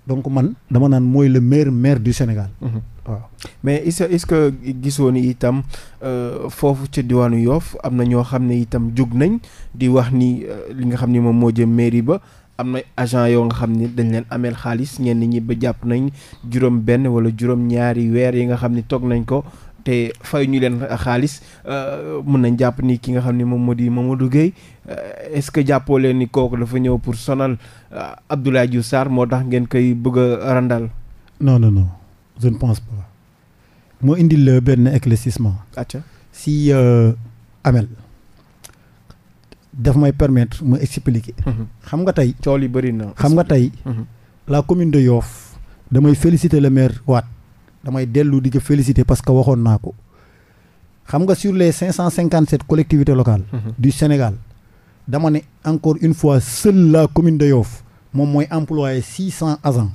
donc man dama naan mooy le maire maire du Sénégal. Mhm. waaw mais est-ce est-ce que gisoo ni itam euh, foofu ca diwaanu Yoff am na ñoo xam ne itam jóg nañ di wax ni euh, li nga xam ni moom moo jëm mairie ba. am na agent yoo nga xam ni dañ leen ameel xaalis ñenn ñi ba jàpp nañ juróom benn wala juróom ñaari weer yi nga xam ni toog nañ ko te fay ñu leen xaalis euh, mën nañ jàpp ni ki nga xam ni moom moo di moom Guèye euh, est-ce que jàppoo leen ni kooku dafa ñëw pour sonal euh, Abdoulaye yu Sarr moo tax ngeen koy bëgg a randal. non non non pense moo indil la benn éclaircissement. acca si euh, Amel. daf may permettre ma expliquer. Mhm. xam nga tey. cool yi bëri xam nga tey. Mhm. la commune de Yoff damay féliciter le maire Wade damay dellu di ko féliciter parce que waxoon naa ko xam nga sur les cinq cent cinquante sept collectivités locales mhm. du Sénégal dama ne encore une fois seule la commune de Yoff moom mooy employé six cent agents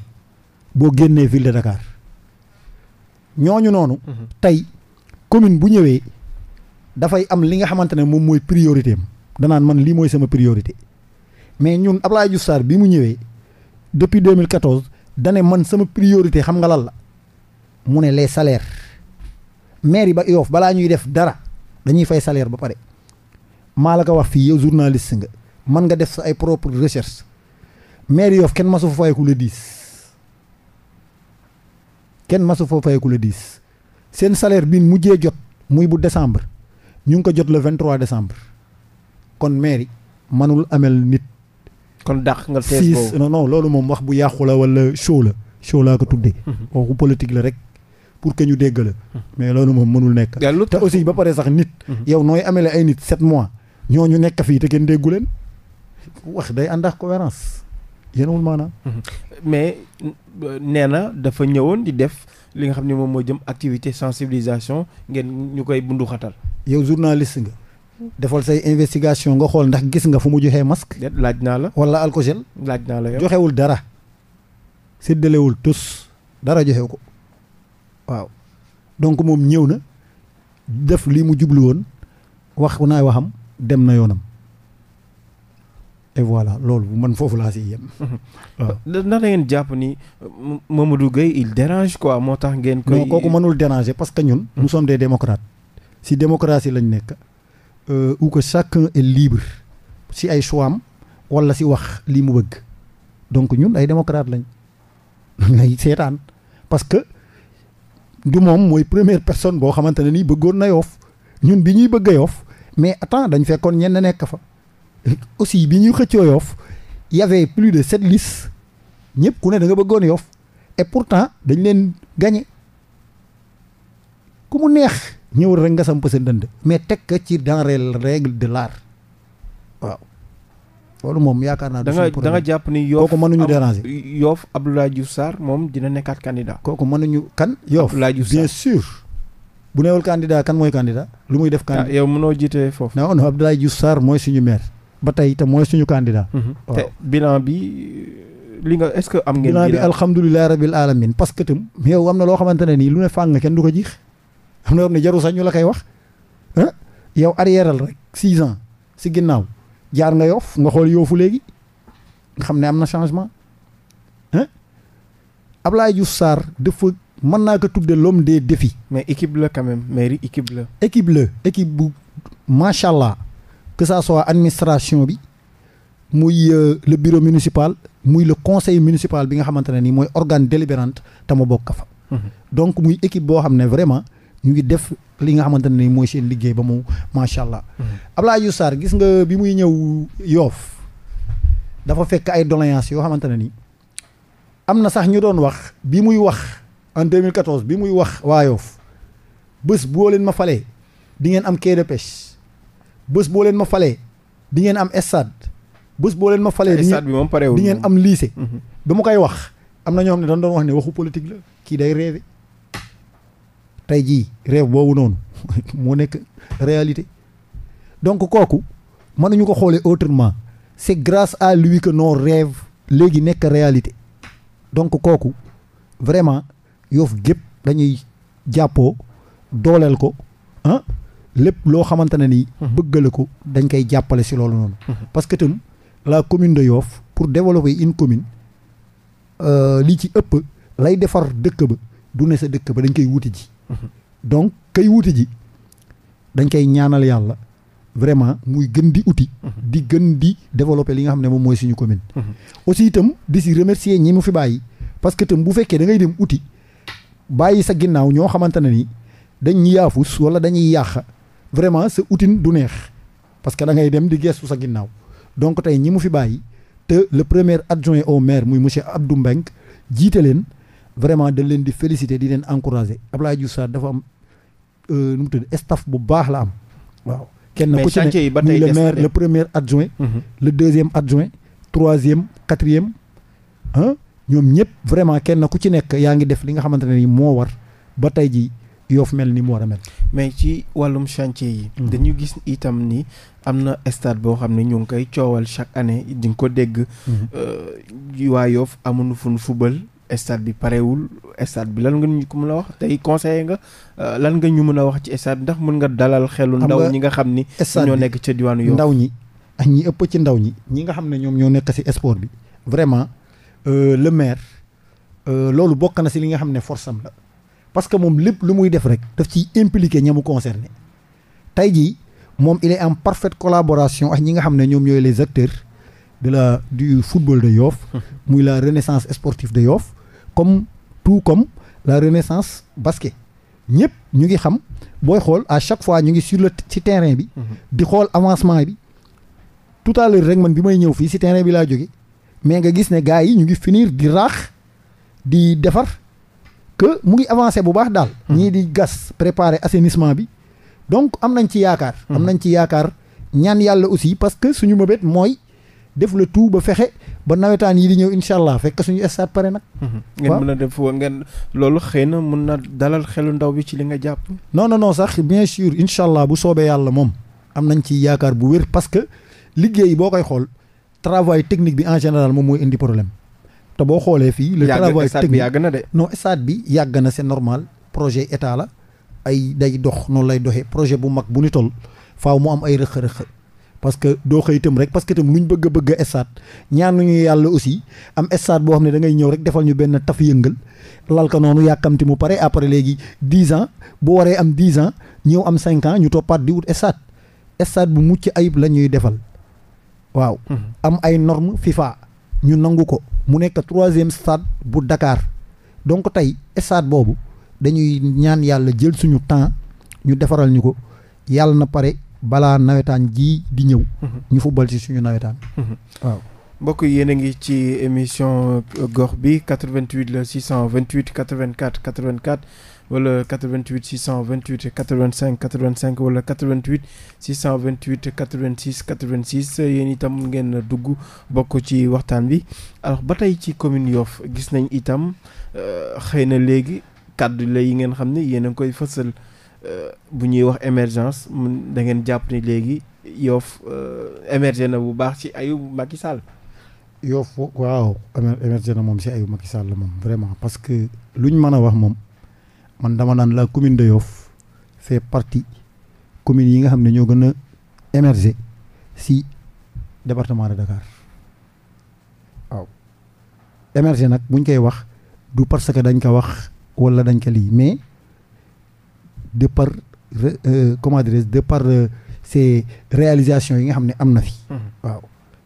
boo génnee ville de Dakar ñooñu noonu mhm. tey commune bu ñëwee dafay am li nga xamante ne moom mooy priorité am danaan man lii mooy sama priorité mais ñun Abdoulaye Diouf Sarr bi mu ñëwee depuis 2014 man sama priorité xam nga lan la mu ne les salaires maire yi ba Yoff balaa ñuy def dara dañuy fay salaire ba pare maa la ko wax fii yow journaliste nga man nga def sa ay propre recherche maire Yoff kenn masu fa fayeku le dix kenn masu fa fayeku le dix seen salaire bi mujjee jot muy bu décembre ñu ngi ko jot le vingt trois kon maire yi mënul amel nit. kon dàq nga tees boobu non non loolu moom wax bu yàqu la wala show la show laa ko tuddee. waxu politique la rek. pour que ñu dégg la mais loolu moom mënul nekk te aussi ba pare sax nit mhm. yow nooy amele ay nit sept mois ñu nekk fii te kenn déggu leen wax day ànd ak cohérence yéenawul maanaam mhm. mais nee na dafa ñëwoon di def li nga xam ne moom mooy jëm activité sensibilisation ngeen ñu koy bundu xatal yow journaliste nga defal say investigation nga xool ndax gis nga fu mu joxee masque laaj naa la wala alcogel laaj naa la yow joxewul dara séddalewul tus dara joxew waaw donc moom ñëw na def lii mu jublu woon wax naay waxam dem na yoonam et voilà loolu man foofu laa si yem. Mhm. waaw ndax da jàpp ni Mamadou Gueye il dérange quoi moo tax ngeen. koy non kooku mënul déranger parce que ñun. soo mhm. sommes des démocrates si démocratie nekk. Euh, ou que chacun si ay choix am wala si wax lii mu bëgg donc ñun ay démocrates lañ ngay seetaan parce du moom mooy première personne boo xamante ne nii bëggoon na yoof ñun bi ñuy bëgg a yoof mais attends dañ fekkoon ñenn nekk fa aussi bi ñuy xëccoo yoof y plus de sept listes ñëpp ku ne danga nga bëggoon yoof et pourtant dañ leen gagné ku mu neex ñëwul rek nga samp sa dënd mais teg ko ci dans les règles de l'art loolu moom yaakaar naa. da nga da nga jàpp ni Yoff kooku mënuñu déranger. Yoff Abdoulaye Diouf Sarr moom dina nekkaat candidat. kooku mënuñu kan Yoff Abdoulaye Diouf Sarr bien sûr. bu newul candidat kan mooy candidat lu muy def. candidat ah, yow mënoo jiite foofu. non non Abdoulaye mooy suñu meer ba tey itam mooy suñu candidat. Mhm. te bilan bi. li nga est-ce que am ngeen. bilan bi alhamdulilah rabil alamin parce que tam yow am na loo xamante ne nii lu ne fàng kenn du ko jiix am na yoo ne jarul sax ñu la koy wax ah yow arrière rek 6 ans si ginnaaw jaar nga yoof nga xool yoofu léegi nga xam ne am na changement ah Ablaye Diouf Sarr dafa mën naa ko tudde l'homme des défis. mais équipe la quand même mairie équipe la. équipe la équipe bu macha allah que ça soit administration bi muy euh, le bureau municipal muy le conseil municipal bi nga xamante ne nii mooy organe délibérante te ma bokk fa. Mhm. donc muy équipe boo xam ne vraiment. ñu ngi def li nga xamante ne mooy seen liggéey ba mu macha allah. Mm. Abdoulaye Diouf Sarr gis nga bi muy ñëw yoof dafa fekk ay doléances yoo xamante ne ni am na sax ñu doon wax bi muy wax en 2014 bi muy wax waa yoof bés boo leen ma falee di ngeen am quai de pêche bés boo leen ma falee di ngeen am stade bés boo leen ma falee di ngeen am lycée. Mm-hmm. ba mu koy wax am na ñoo xam ne dañ doon wax ne waxu politique la kii day réeré. tey jii rêve boobu noonu moo nekk réalité donc kooku mënuñu ko xoolee autrement c'est grace à lui que nos rêves léegi nekk réalité donc kooku vraiment Yoff gépp dañuy jàppoo dooleel ko ah lépp loo xamante ne nii. Mhm. bëggale ko dañ koy jàppale si loolu noonu. Mhm. parce que tam la commune de Yoff pour développer une commune euh, lii ci ëpp lay defar dëkk ba du ne sa dëkk ba dañ koy wuti ji. donc kay wuti ji dañ koy ñaanal yàlla vraiment muy gën di uti. di gën di développer li nga xam ne moom mooy suñu commune. aussi itam di si remercier ñi mu fi bàyyi parce que itam bu fekkee dangay dem uti bàyyi sa ginnaaw ñoo xamante ne ni dañ yaafus wala dañuy yàq vraiment sa utin du neex parce que da ngay dem di gestu sa ginnaaw donc tey ñi mu fi bàyyi te le premier adjoint au maire muy monsieur Abdou Mbengue jiite leen. vraiment dañ leen di féliciter di leen encourager Abdoulaye Diouf Sarr dafa am euh, nu mu tudd staff bu baax la am waaw. kenn ku ci ne muy le maire le premier adjoint. Mhm. le deuxième adjoint troisième quatrième ah ñoom ñëpp vraiment kenn ku ci nekk yaa ngi def li nga xamante ne ni moo war ba tey jii yoof mel ni mu war a mel. mais ci wàllum chantier yi. Mhm. dañu gis itam ni am na stade boo xam ne ñu ngi koy coowal chaque année di nga ko dégg. Mhm. Euh, waa yoof amuñu fun fubal. stade bi parewul stade bi lan nga ñu ko mën a wax tey conseiller nga euh, lan nga ñu mën a wax ci stade ndax mën nga dalal xelu ndaw ñi nga xam ni ñoo nekk ca diwaanu yow ndaw ñi ak ñi ëpp ci ndaw ñi ñi nga xam ne ñoom ñoo nekk si sport bi vraiment euh, le maire euh, loolu bokk na si li nga xam ne force am la parce que moom lépp lu muy def rek daf ciy impliqué ñamu concerné tey jii moom il est en parfaite collaboration ak ñi nga xam ne ñoom ñooy les acteurs de la du football de Yoff muy la renaissance sportive de Yoff comme tout comme la renaissance basket ñëpp ñu ngi xam booy xool à chaque fois ñu ngi sur le ci terrain bi. Mhm. di xool avancement bi. tout à l'heure rek man bi may ñëw fii ci terrain bi laa jóge mais nga gis ne gars yi ñu ngi finir di raax di defar que mu ngi avancé bu baax daal. Mhm. ñii di gas préparer assainissement bi. donc am nañ ci yaakaar. Mhm. am nañ ci yaakaar ñaan yàlla aussi parce que suñu mëbét mooy. def le tout ba fexe ba nawetaan yi di ñëw incha allah fekk suñu stade pare nag. Mhm. ngeen mën a def ngeen loolu xëy na mën na dalal xelu ndaw bi ci li nga jàpp. non non non sax bien sûr incha allah bu soobee yàlla moom am nañ ci yaakaar bu wér parce que liggéey boo koy xool travail technique bi en général moom mooy indi problème te boo xoolee fii. le travail technique yàgg na de. non stade bi yàgg na c'est normal projet état la ay day dox noonu lay doxee projet bu mag bu ni faaw mu ay rëq parce que doo xëy itam rek parce que itam lu ñu bëgg a bëgg a stade ñaanuñu yàlla aussi am stade boo xam ne da ngay ñëw rek defal ñu benn taf yëngal lal ko noonu yàkkamti mu pare après léegi dix ans boo waree am dix ans ñëw am cinq ans ñu toppaat di wut stade stade bu mucc ayib la ñuy defal waaw. Mm-hmm. am ay normes FIFA ñu nangu ko mu nekk troisième stade bu dakaar donc tey stade boobu dañuy ñaan yàlla jël suñu temps ñu defaral ñu ko yàlla na pare. balaa nawetaan jii di ñëw. Mhm. ñu football si suñu nawetaan. Mhm. waaw. mbokk yéen a ngi ci émission euh, gox bi 88 la 628 84 84 wala 88 628 85 85 wala 88 628 86 86 yéen itam ngeen dugg bokk ci waxtaan bi alors ba tey ci commune Yoff gis nañ itam euh, xëy na léegi kàddu la yi ngeen xam ne yéen a ngi koy fësal. Euh, bu ñuy wax émergence mun da ngeen jàpp ni léegi Yoff euh, émergé na bu baax ci ayu Macky Sall. Yoff waaw émergé na moom si ayu Macky Sall moom vraiment parce que lu luñ mën a wax moom man dama naan la commune de Yoff fait parti communes yi nga xam ne ñoo gën a émerger si département de Dakar waaw émerger nag buñ koy wax du parce que dañ ko wax wala dañ ko lii mais. de par euh, comment dirais de par euh, ces réalisations yi nga xam ne am na fi. Mhm. waaw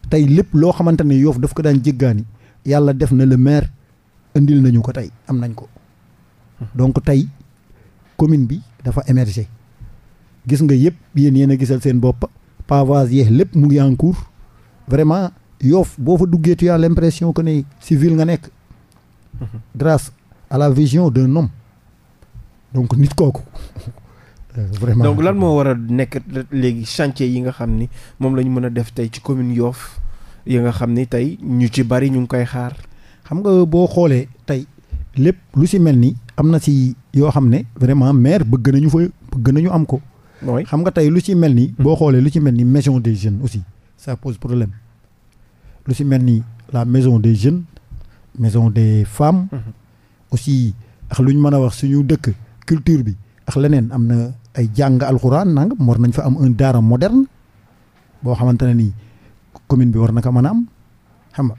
tey lépp loo xamante ne yoof daf ko daan jéggaani yàlla def na le maire indil nañu ko tey am nañ ko. Mhm. donc tey commune bi dafa émerger gis nga yëpp yéen yéen a gisal seen bopp pavage yeex lépp mu ngi en vraiment yoof boo fa duggee tu as l'impression que ne civil nga nekk. Mhm. grâce à la vision d'un nom donc nit kooku. vraiment donc lan moo war a nekk léegi chantier yi nga xam ni moom la ñu mën a def tey ci commune yoof yi nga xam ni tey ñu ci bari ñu ngi koy xaar. xam nga boo xoolee tey lépp lu si mel ni am na si yoo xam ne vraiment maire bëgg nañu fa bëgg nañu am ko. xam nga tey lu si mel ni. Hmm. boo xoolee lu si mel ni maison des jeunes aussi ça pose problème lu si mel ni la maison des jeunes maison des femmes. Hmm. aussi ak lu ñu mën a wax suñu dëkk culture bi ak leneen am na. ay jàng alxuraan nangam war nañ fa am un daara moderne boo xamante ne nii commune bi war na ko mën a am xam nga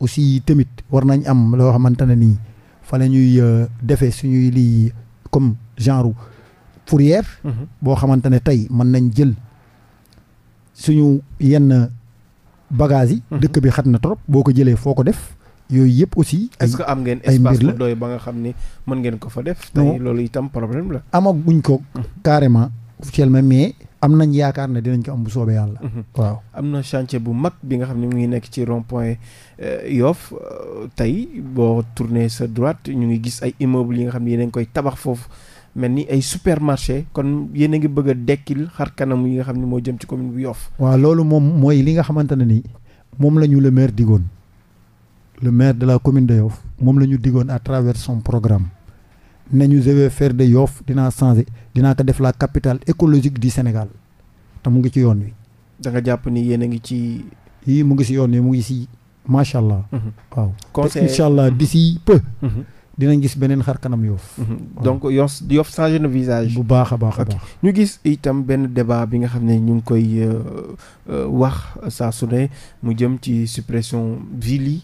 aussi tamit war nañ am loo xamante ne nii fa lañuy ñuy euh, defee suñuy lii comme genre fourrière. Mhm. boo xamante ne tey mën nañ jël suñu yenn bagages yi. Mhm. dëkk bi xat na trop boo ko jëlee foo ko def. yooyu yëpp aussi. ay est am ngeen espace la doy ba nga xam ni mën ngeen ko fa def. tey loolu itam problème la. amaguñ ko carrément officiellement mais. am nañ yaakaar ne dinañ ko am bu soobee yàlla. Mhm. waaw am na chantier bu mag bi nga xam ne mu ngi nekk ci rond yoof euh, Yoff euh, tey boo tourné sa droite ñu ngi gis ay immeubles yi nga xam ne yéen a koy tabax foofu mel ni ay supermarché kon yéen a ngi bëgg a dekkil xar kanam yi nga xam ne moo jëm ci commune bu Yoff. waaw loolu moom mooy li nga xamante ne ni moom la ñu le maire digoon. le maire de la commune de Yoff moom la ñu digoon à travers son programme ne ñu je faire de Yoff dinaa changer dinaa ko def la capital écologique di Sénégal te mu ngi ci yoon wi. da jàpp ni yéen a ngi ci. yii mu ngi si yoon wi mu ngi si macha allah. Mhm. waaw conseil incha allah d'ici peu. Mhm. dinañ gis beneen xar kanam Yoff mhm. donc Yoff Yoff changé na visage. bu baax a baax a baax ñu gis itam benn débat bi nga xam ne ñu ngi koy euh, euh, wax saa su ne mu jëm ci suppression ville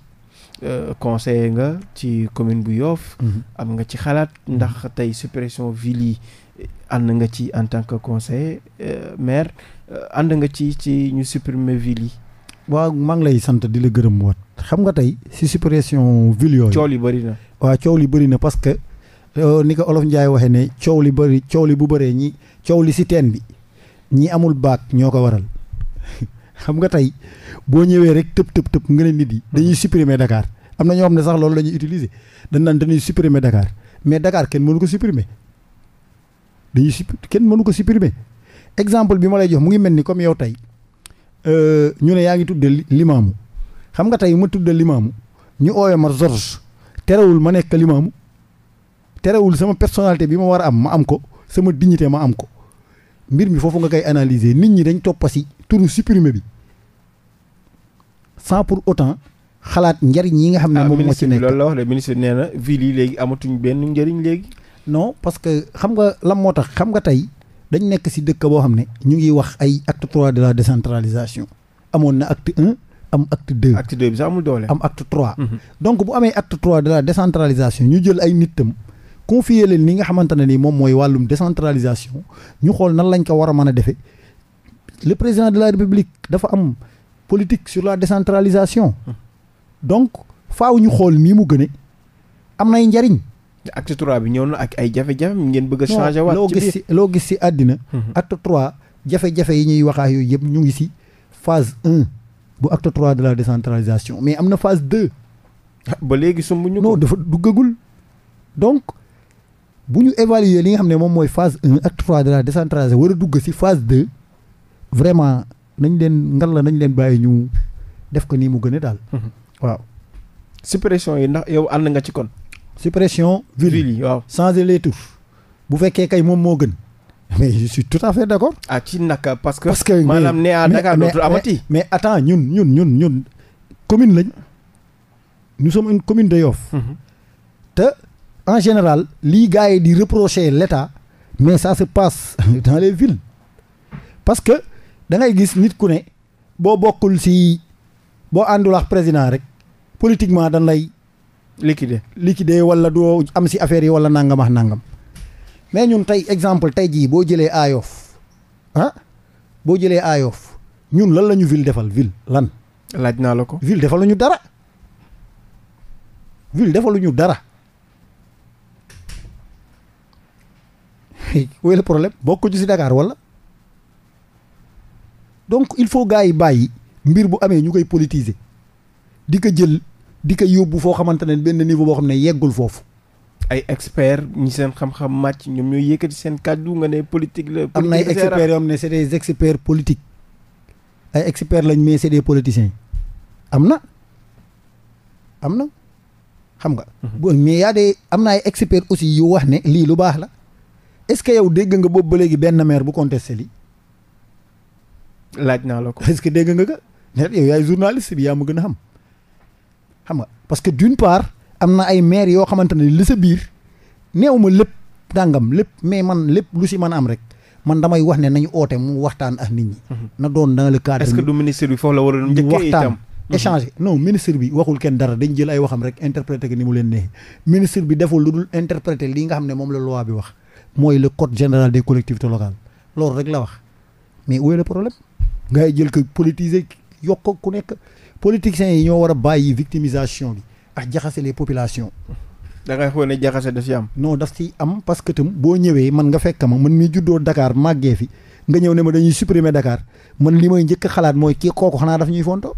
Euh, conseiller nga ci commune bu yoof mhm. am nga ci xalaat mhm. ndax tey suppression ville eh, ànd nga ci en tant que conseiller euh, maire euh, ànd nga ci ci ñu supprimer ville yi waaw maa lay sant di la gërëm waat xam nga tey si suppression ville yooyu coow li bëri na waaw coow li bëri na parce que ni ko olof Ndiaye waxee ne coow li bëri coow li bu bëree ñi coow li si teen bi ñi amul baat ñoo ko waral xam nga tey boo ñëwee rek tëb tëb tëb nga ne nit yi mm-hmm. dañuy supprimer Dakar am na ñoo xam ne sax loolu la ñuy utiliser dañ naan dañuy supprimer Dakar mais Dakar kenn mënu ko supprimer dañuy supp kenn mënu ko supprimer exemple bi ma lay jox mu ngi mel ni comme yow tey euh, ñu ne yaa ngi tudde limaamu xam nga tey ma tudde limaamu ñu oowe ma George terewul ma nekk limaamu terewul sama personnalité bi ma war a am ma am ko sama dignité ma am ko mbir mi foofu nga koy analyser nit ñi dañ toppa si turu supprimer bi sans pour autant xalaat njariñ yi nga xam ne ah, moom moo ci nekk loolu la wax de ministre nee na ville yi léegi amatuñ benn njëriñ léegi non parce que xam nga lan moo tax xam nga tey dañ nekk si dëkk boo xam ne ñu ngi wax ay acte trois de la décentralisation amoon na acte un am acte deux acte deux bi sax amul doole am acte trois mhm. donc bu amee acte trois de la décentralisation ñu jël ay nit confier leen li nga xamante ne ni moom mooy wàllum décentralisation ñu xool nan lañ ko war a mën a defee le président de la république dafa am politique sur la décentralisation donc faaw ñu xool nii mu gëne am nay njariñ acte bi ñëw na ak ay jafe ngeen bëgg changé waat loo gis si loo gis si àddina mhm. acte trois jafe-jafe yi ñuy waxaa yooyu yëpp ñu ngi si phase un bu acte trois de la décentralisation mais am na phase deux ba léegi sumb ñu non dafa duggagul bu ñu évaluer li nga xam ne moom mooy phase un ak trois de la war a dugg ci phase deux vraiment nañ leen ngal la nañ leen bàyyi ñu def ko nii mu gën a daal. Mhm. waaw. suppression yi ndax yow ànd nga ci kon. suppression virgule yi waaw changer les tours bu fekkee kay moom moo gën. mais je suis tout à fait d' accord. ah ci naka parce que. parce que maanaam ne à Dakar amati. mais attends ñun ñun ñun commune lañ nous sommes une commune de Yoff. Mhm. te en général lii gars yi di reprocher l'État mais ça se passe les villes parce que da ngay gis nit ku ne boo bokkul si boo àndul ak président rek politiquement dañ lay liquider liquider wala doo am si affaire yi wala nangam ak nangam mais ñun tey exemple tey jii boo jëlee Ayof ah boo jëlee Ayof ñun lan la ñu ville defal ville lan. laaj naa la ko. ville defaluñu dara. ville defaluñu dara. wooy le problème bokkuñu ci Dakar wala donc il faut gars yi bàyyi mbir bu amee ñu koy politiser di ko jël di ko yóbbu foo xamante ne benn niveau boo xam ne yeggul foofu ay experts ñi seen xam-xam màcc ñoom ñooy yëkkati seen kàddu nga ne politique la. am na ay experts yoo xam ne c'est des experts politiques ay experts lañ mais des politiciens am na am na xam nga. Mhm. mais y a am na ay experts aussi yu wax ne lii lu baax la est-ce que yow dégg nga boobu ba léegi benn maire bu contesté li laaj naa la ko est dégg nga ko yow yaay journaliste bi yaa ma gën a xam xam nga parce que d'une part am na ay maire yoo xamante ne li sa biir neew ma lépp dàngam lépp mais man lépp lu si mën a am rek man damay wax ne nañu oote mu waxtaan ak nit ñi. Mhm. na doon dans le cadre. est-ce du ministre bi foofu la war a njëkkee itam mhm. échanger non ministre bi waxul kenn dara dañ jël ay waxam rek interpréter ko ni mu leen neexee ministre bi deful lu dul interpréter lii nga xam ne moom la loi bi wax. mooy le cote général des collectivités locales loolu rek la wax mais où est le problème nga jël ko politiser yokk ku nekk politiciens yi ñoo war a bàyyi victimisation bi ak jaxase les populations. da ngay xool ne jaxase daf si am. non daf si am parce que tam boo ñëwee man nga fekk ma man mi juddoo dakaar màggee fi nga ñëw ne ma dañuy supprimer Dakar man li may njëkk xalaat mooy kii kooku xanaa daf ñuy fonto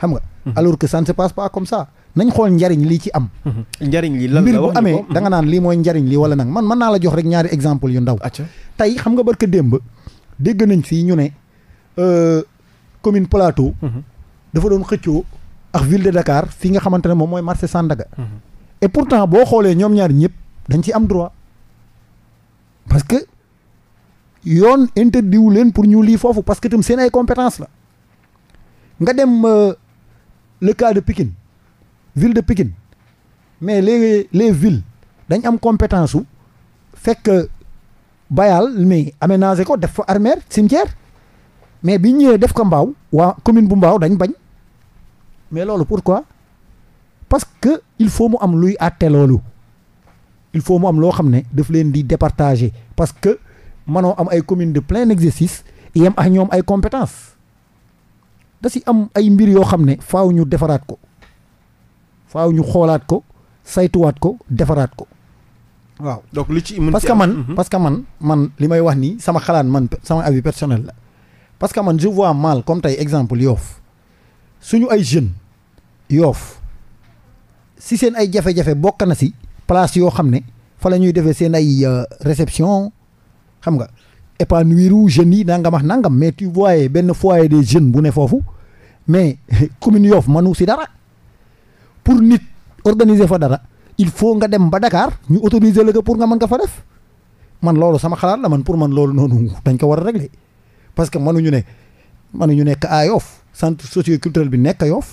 xam nga. Hmm. alors que ça ne se passe comme ça. nañ xool njariñ lii ci am. njariñ li lan mbir bu amee danga naan lii mooy njariñ li wala nag man mën naa la jox rek ñaari exemple yu ndaw. tey xam nga barka démb dégg nañ fii ñu ne euh, commune Plateau. dafa doon xëccoo ak ville de Dakar fi nga xamante ne moom mooy marché Sandaga. et pourtant boo xoolee ñoom ñaar ñëpp dañ ci am droit parce que yoon interdit wu leen pour ñu lii foofu parce que tam seen ay compétence la nga dem euh, le cas de Pikine. ville de Pikine mais les les villes dañ am compétence su fekk bayal mais aménager ko def fa armère cimetière mais bi ñëwee def ko mbaaw waa commune bu mbaaw dañ bañ mais loolu pourquoi parce que il faut mu am luy àtte loolu il faut mu am loo xam ne daf leen di départager parce que manoo am ay commune de plein exercice yem ak ñoom ay compétence da si am ay mbir yoo xam ne faw ñu defaraat ko faaw ñu xoolaat ko saytuwaat ko defaraat ko waaw. donc li ci parce que man mhm. parce que man man li may wax nii sama xalaat man sama avis personnel la parce que man je vois mal comme tey exemple Yoff suñu ay jeunes yoof si seen ay jafe-jafe bokk na si place yoo xam ne fa la ñuy defee seen ay euh, réception xam nga épanouir jeunes yi nangam ak nangam mais tu voyais benn foyer des jeunes bu ne foofu mais commune Yoff mënu si dara. pour nit organiser fa dara il faut nga dem ba dakaar ñu autoriser la ko pour nga man ko fa def man loolu sama xalaat la man pour man loolu noonu dañ ko war a régler parce que ñu ne ñu nekk à Yoff centre socioculturel bi nekk Yoff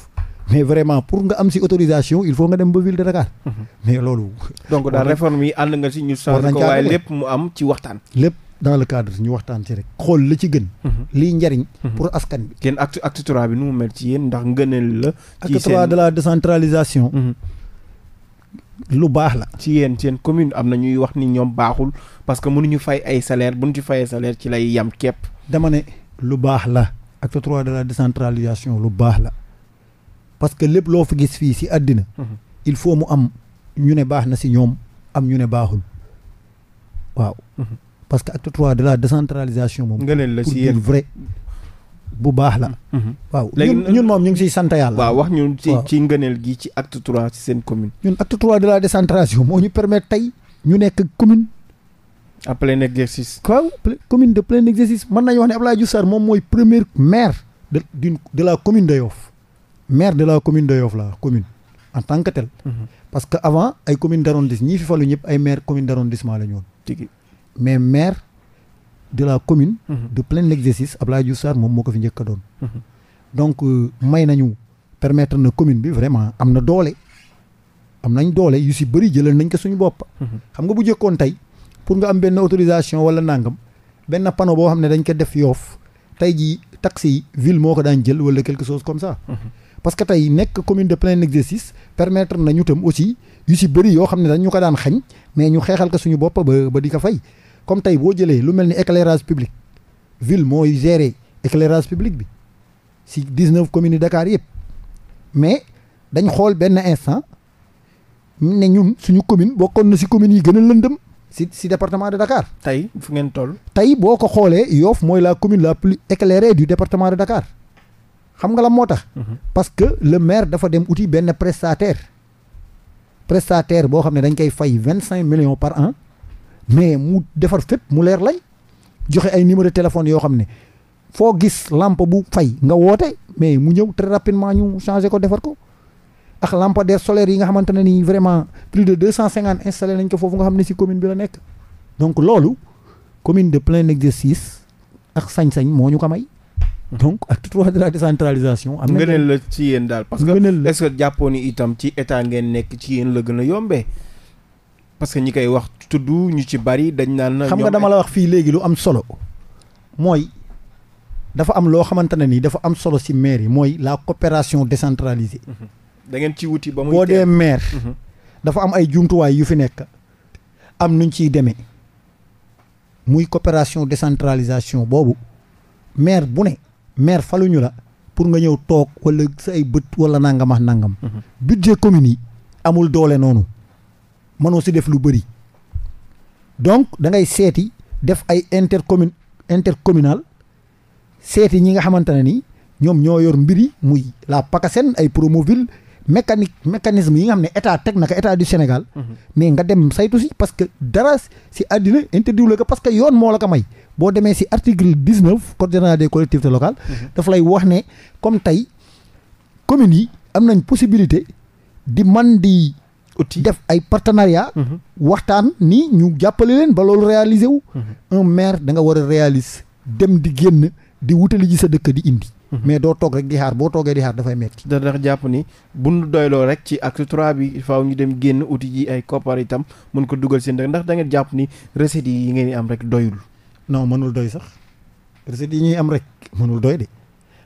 mais vraiment pour nga am si autorisation il faut nga dem ba ville de Dakar. Mhm. mais loolu. donc daal réforme yi ànd nga si ñu. war nañ ko waaye lépp mu am ci waxtaan. lépp dans le cadre ñu waxtaan ci rek xool la ci gën. Mhm. liy njariñ. Mhm. pour askan bi. kenn acte acte trois bi nu mu mel ci yéen ndax ngëneel la. ci de la décentralisation. Mhm. lu baax la. ci yéen seen commune am na ñuy wax ni ñoom baaxul parce que mënuñu fay ay salaire bu ñu ci fayee salaire ci lay yam képp. dama lu baax la. acte de la décentralisation lu baax la parce que lépp loo fa gis fii si àddina. il mu am ñu ne baax na si ñoom am ñu ne baaxul waaw. parce que acte trois de la décentralisation moom. ngëneel la si yéen vrai bu baax la. Mm-hmm. waaw ñun ñun moom ñu ngi siy sant yàlla. waaw wax ñun ci ci ngëneel gi ci acte trois ci seen commune. ñun acte trois de la décentralisation moo ñu permettre tey ñu nekk commune. à plein exercice. waaw commune de plein exercice mën nañu wax ne Abdoulaye Diouf Sarr moom mooy premier maire de de la commune de Yoff maire de la commune de Yoff la commune en tant que tel. Mm-hmm. parce que avant ay commune mais maire de la commune. Mhm. de plein exercice Abdoulaye Diouf Sarr moom moo ko fi njëkk doon. Mhm. donc euh, may nañu permettre na commune bi vraiment am na doole. am nañ doole yu si bëri jëlal nañ ko suñu bopp. Mhm. xam nga bu jëkkoon tey pour nga am benn autorisation wala nangam benn panneau boo xam ne dañ ko def yoof tey jii taxi yi ville moo ko daan jël wala quelque chose comme ça. parce que tey nekk commune de plein exercice permettre nañu tam aussi yu si bëri yoo xam ne dañ ñu ko daan xañ mais ñu xeexal ko suñu bopp ba di ko fay. comme tey boo jëlee lu mel ni éclairage public ville mooy gérer éclairage publique bi si 19 commune yi Dakar yëpp mais dañ xool benn instant ne ñun suñu commune bokkoon na si communes yi gën a lëndëm si si département de Dakar. tey fu ngeen toll. tey boo ko xoolee Yoff mooy la commune la plus éclairée du département de Dakar xam nga lam moo tax. Mhm. parce que le maire dafa dem uti benn prestater prestataire boo xam ne dañ koy fay vingt cinq millions par mais mu defar fépp mu leer lañ joxe ay numéro téléphone yoo xam ne foo gis lampe bu fay nga woote mais mu ñëw très rapidement ñu changé ko defar ko ak lampadaire solaire yi nga xamante ne nii vraiment plus de deux cent cinquante installé nañ ko foofu nga xam ne ci commune bi la nekk donc loolu commune de plein exercice ak sañ-sañ moo ñu ko may donc acte trois de la décentralisation. am ngëneel la ci yéen daal parce que est-ce que jàppoon ni itam ci état ngeen nekk ci yéen la gën a yombee. parce que ñi koy wax tudd ñu ci bari dañ naan. xam nga dama la wax fii léegi lu am solo mooy dafa am loo xamante ne ni dafa am solo si maire yi mooy la coopération décentralisée. Mhm. da ngeen ci wuti ba muy maire. Mhm. dafa am ay jumtuwaay yu fi nekk am nuñ ciy demee muy coopération décentralisation boobu maire bu ne maire faluñu la pour nga ñëw toog wala sa ay bët wala nangamax nangam. Mhm. budget communes yi amul doole noonu. mënoo si def lu bëri donc da ngay seeti def ay intercommun intercommunal seeti ñi nga xamante ne ni ñoom ñoo yor mbiri muy la PACASEN ay Promoville mécanique mécanisme yi nga xam ne état teg na ko état du Sénégal. Mhm. mais nga dem saytu si parce que dara si àddina interdiw la ko parce que yoon moo la ko may. boo demee si article dix neuf code général des collectivités locales. Mhm. daf lay wax ne comme tey communes yi am nañ possibilité di man di outil def ay partenariat mhm. waxtaan ni ñu jàppale leen ba loolu réaliser wu mhm. un maire da nga war a réalise dem di génn di wutali ji sa dëkk di indi mhm. mais doo toog rek di xaar boo toogee di xaar dafay metti da ndax jàpp ni buñ doyloo rek ci acte trois bi faaw ñu dem génn outil ji ay koppar itam mun ko dugal seen dëkk ndax da ngeen jàpp ni recettes yi ngeen di am rek doyul non mënul doy sax recettes yi ñuy am rek mënul doy de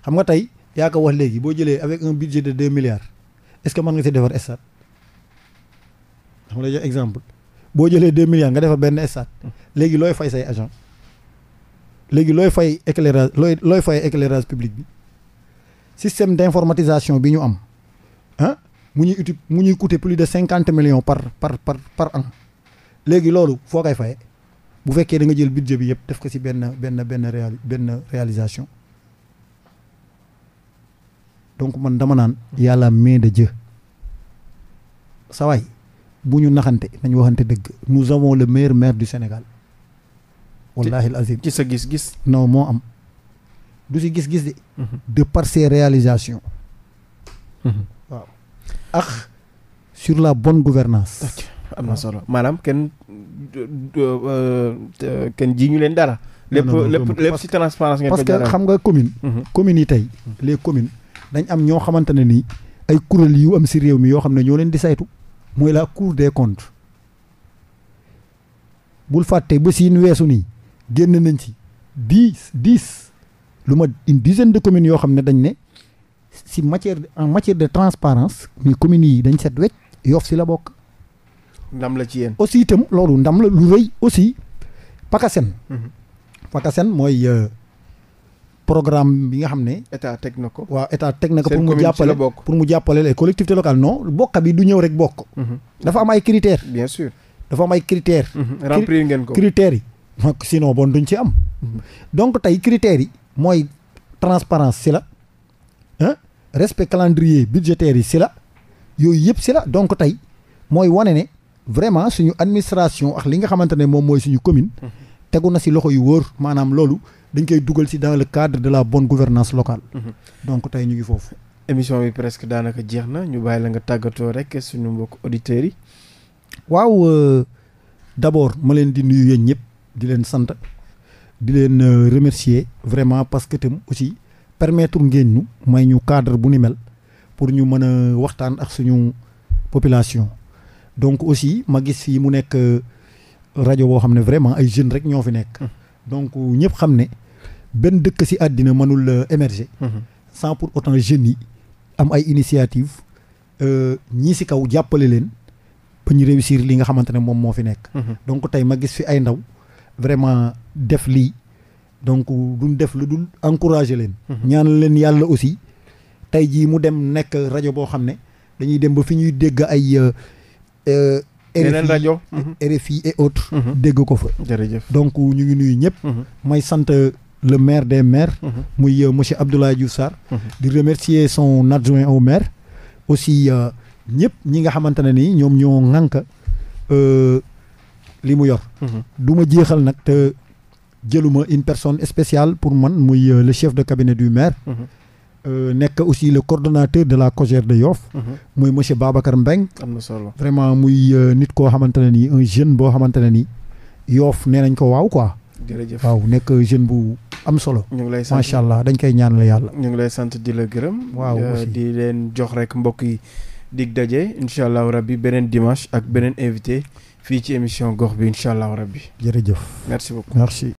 xam nga tey yaa ko wax léegi boo jëlee avec un budget de mën nga si defar dama lay jox exemple boo jëlee deux milliards nga defar benn stade léegi looy fay say agent léegi looy fay éclairage looy looy fay éclairage public bi système d' informatisation bi ñu am ah mu ñuy uti mu ñuy coûter plus de cinquante millions par par par par an léegi loolu foo koy faye bu fekkee da nga jël budget bi yëpp def ko ci benn benn benn réal benn réalisation donc man dama naan yàlla main de Dieu sawaay bu ñu naxante nañu waxante dëgg nous avons le maire maire du Sénégal. wallahi azim ci sa gis-gis. non moo am du si gis-gis de. Mhm. de par ses mhm. ak sur la bonne gouvernance am na solo maanaam kenn euh, euh, kenn ji ñu leen dara. lépp lépp lépp si transparence ngeen ko parce xam nga commune. Mhm. communes les communes dañ am ñoo xamante ne nii ay kuréel yu am si réew mi yoo xam ne ñoo leen di saytu. mooy la cour des comptes bul fàtte ba siin weesu nii génn nañ ci dix dix lu ma une dizaine de communes yoo xam ne dañ ne si matière en matière de transparence mais communes yi dañ set wecc Yoff si la bokk. ndam la ci yéen. aussi itam loolu ndam la lu rëy aussi Pakasen. Mhm. Pakasen mooy. Euh, programme bi nga xam ne. état teg na ko. waaw état teg na ko pour mu jàppale pour mu jàppale les collectivités locales non bi du ñëw rek bokk. Mhm. dafa am ay critères. bien sûr dafa am ay critères. Mhm. remplir yi. sinon bon duñ ci am. Mhm. donc yi mooy transparence si la ah respect yi si la yooyu yëpp si la donc tey mooy wane ne vraiment suñu administration ak li nga xamante ne moom mooy suñu commune. tegu na si loxo yu wóor maanaam loolu. dañ koy dugal ci dans le cadre de la bonne gouvernance locale mhm. donc tey ñu ngi foofu émission bi presque daanaka jeex na ñu bàyyi la nga tàggatoo rek suñu mbokk auditeurs yi waaw euh, d'abord ma leen di nuyu yéen ñëpp di leen sant di leen euh, remercier vraiment parce que tam aussi permettre ngeen ñu may ñu cadre bu ni mel pour ñu mën a waxtaan ak suñu population donc aussi ma gis fii mu nekk euh, rajo boo xam ne vraiment ay jeunes rek ñoo fi nekk mhm. donc ñëpp xam ne benn dëkk si àddina mënul euh, émerger. Mhm. sans pour autant jeunes yi am ay initiative euh, ñii si kaw jàppale leen ba ñu réussir li nga xamante ne moom moo fi nekk. Mhm. donc tey ma gis fi ay ndaw vraiment def lii donc duñ def lu dul encourager leen. Mhm. ñaanal leen yàlla aussi tey jii mu dem nekk rajo boo xam ne dañuy dem ba fi ñuy dégg ay. Euh, yeneen rajo mhm. RFI et autres mhm. dégg ko fa jërëjëf donc ñu ngi nuyu ñëpp mhm. may sant le maire des maires muy euh, monsieur Abdoulaye Diouf Sarr di remercier son adjoint au maire aussi euh, ñëpp ñi nga xamante ne ni ñoom ñoo ŋànk euh, li mu yor du ma nag te jëluma une personne spéciale pour man muy le chef de cabinet du maire Euh, nekk aussi le coordonnateur de la COJER de Yoff mhm. muy monsieur Babacar Mbeng am na solo vraiment muy euh, nit koo xamante ne nii un jeune boo xamante ne nii Yoff nee nañ ko waaw quoi. jërëjëf waaw nekk jeune bu am solo. ñu ngi lay sant macha allah dañ koy ñaan yàlla. ñu ngi lay sant di la gërëm. waaw euh, di leen jox rek mbokk yi dig daje incha allahu rabbi beneen dimanche ak beneen invité fii ci émission gox bi incha allahu rabbi jërëjëf merci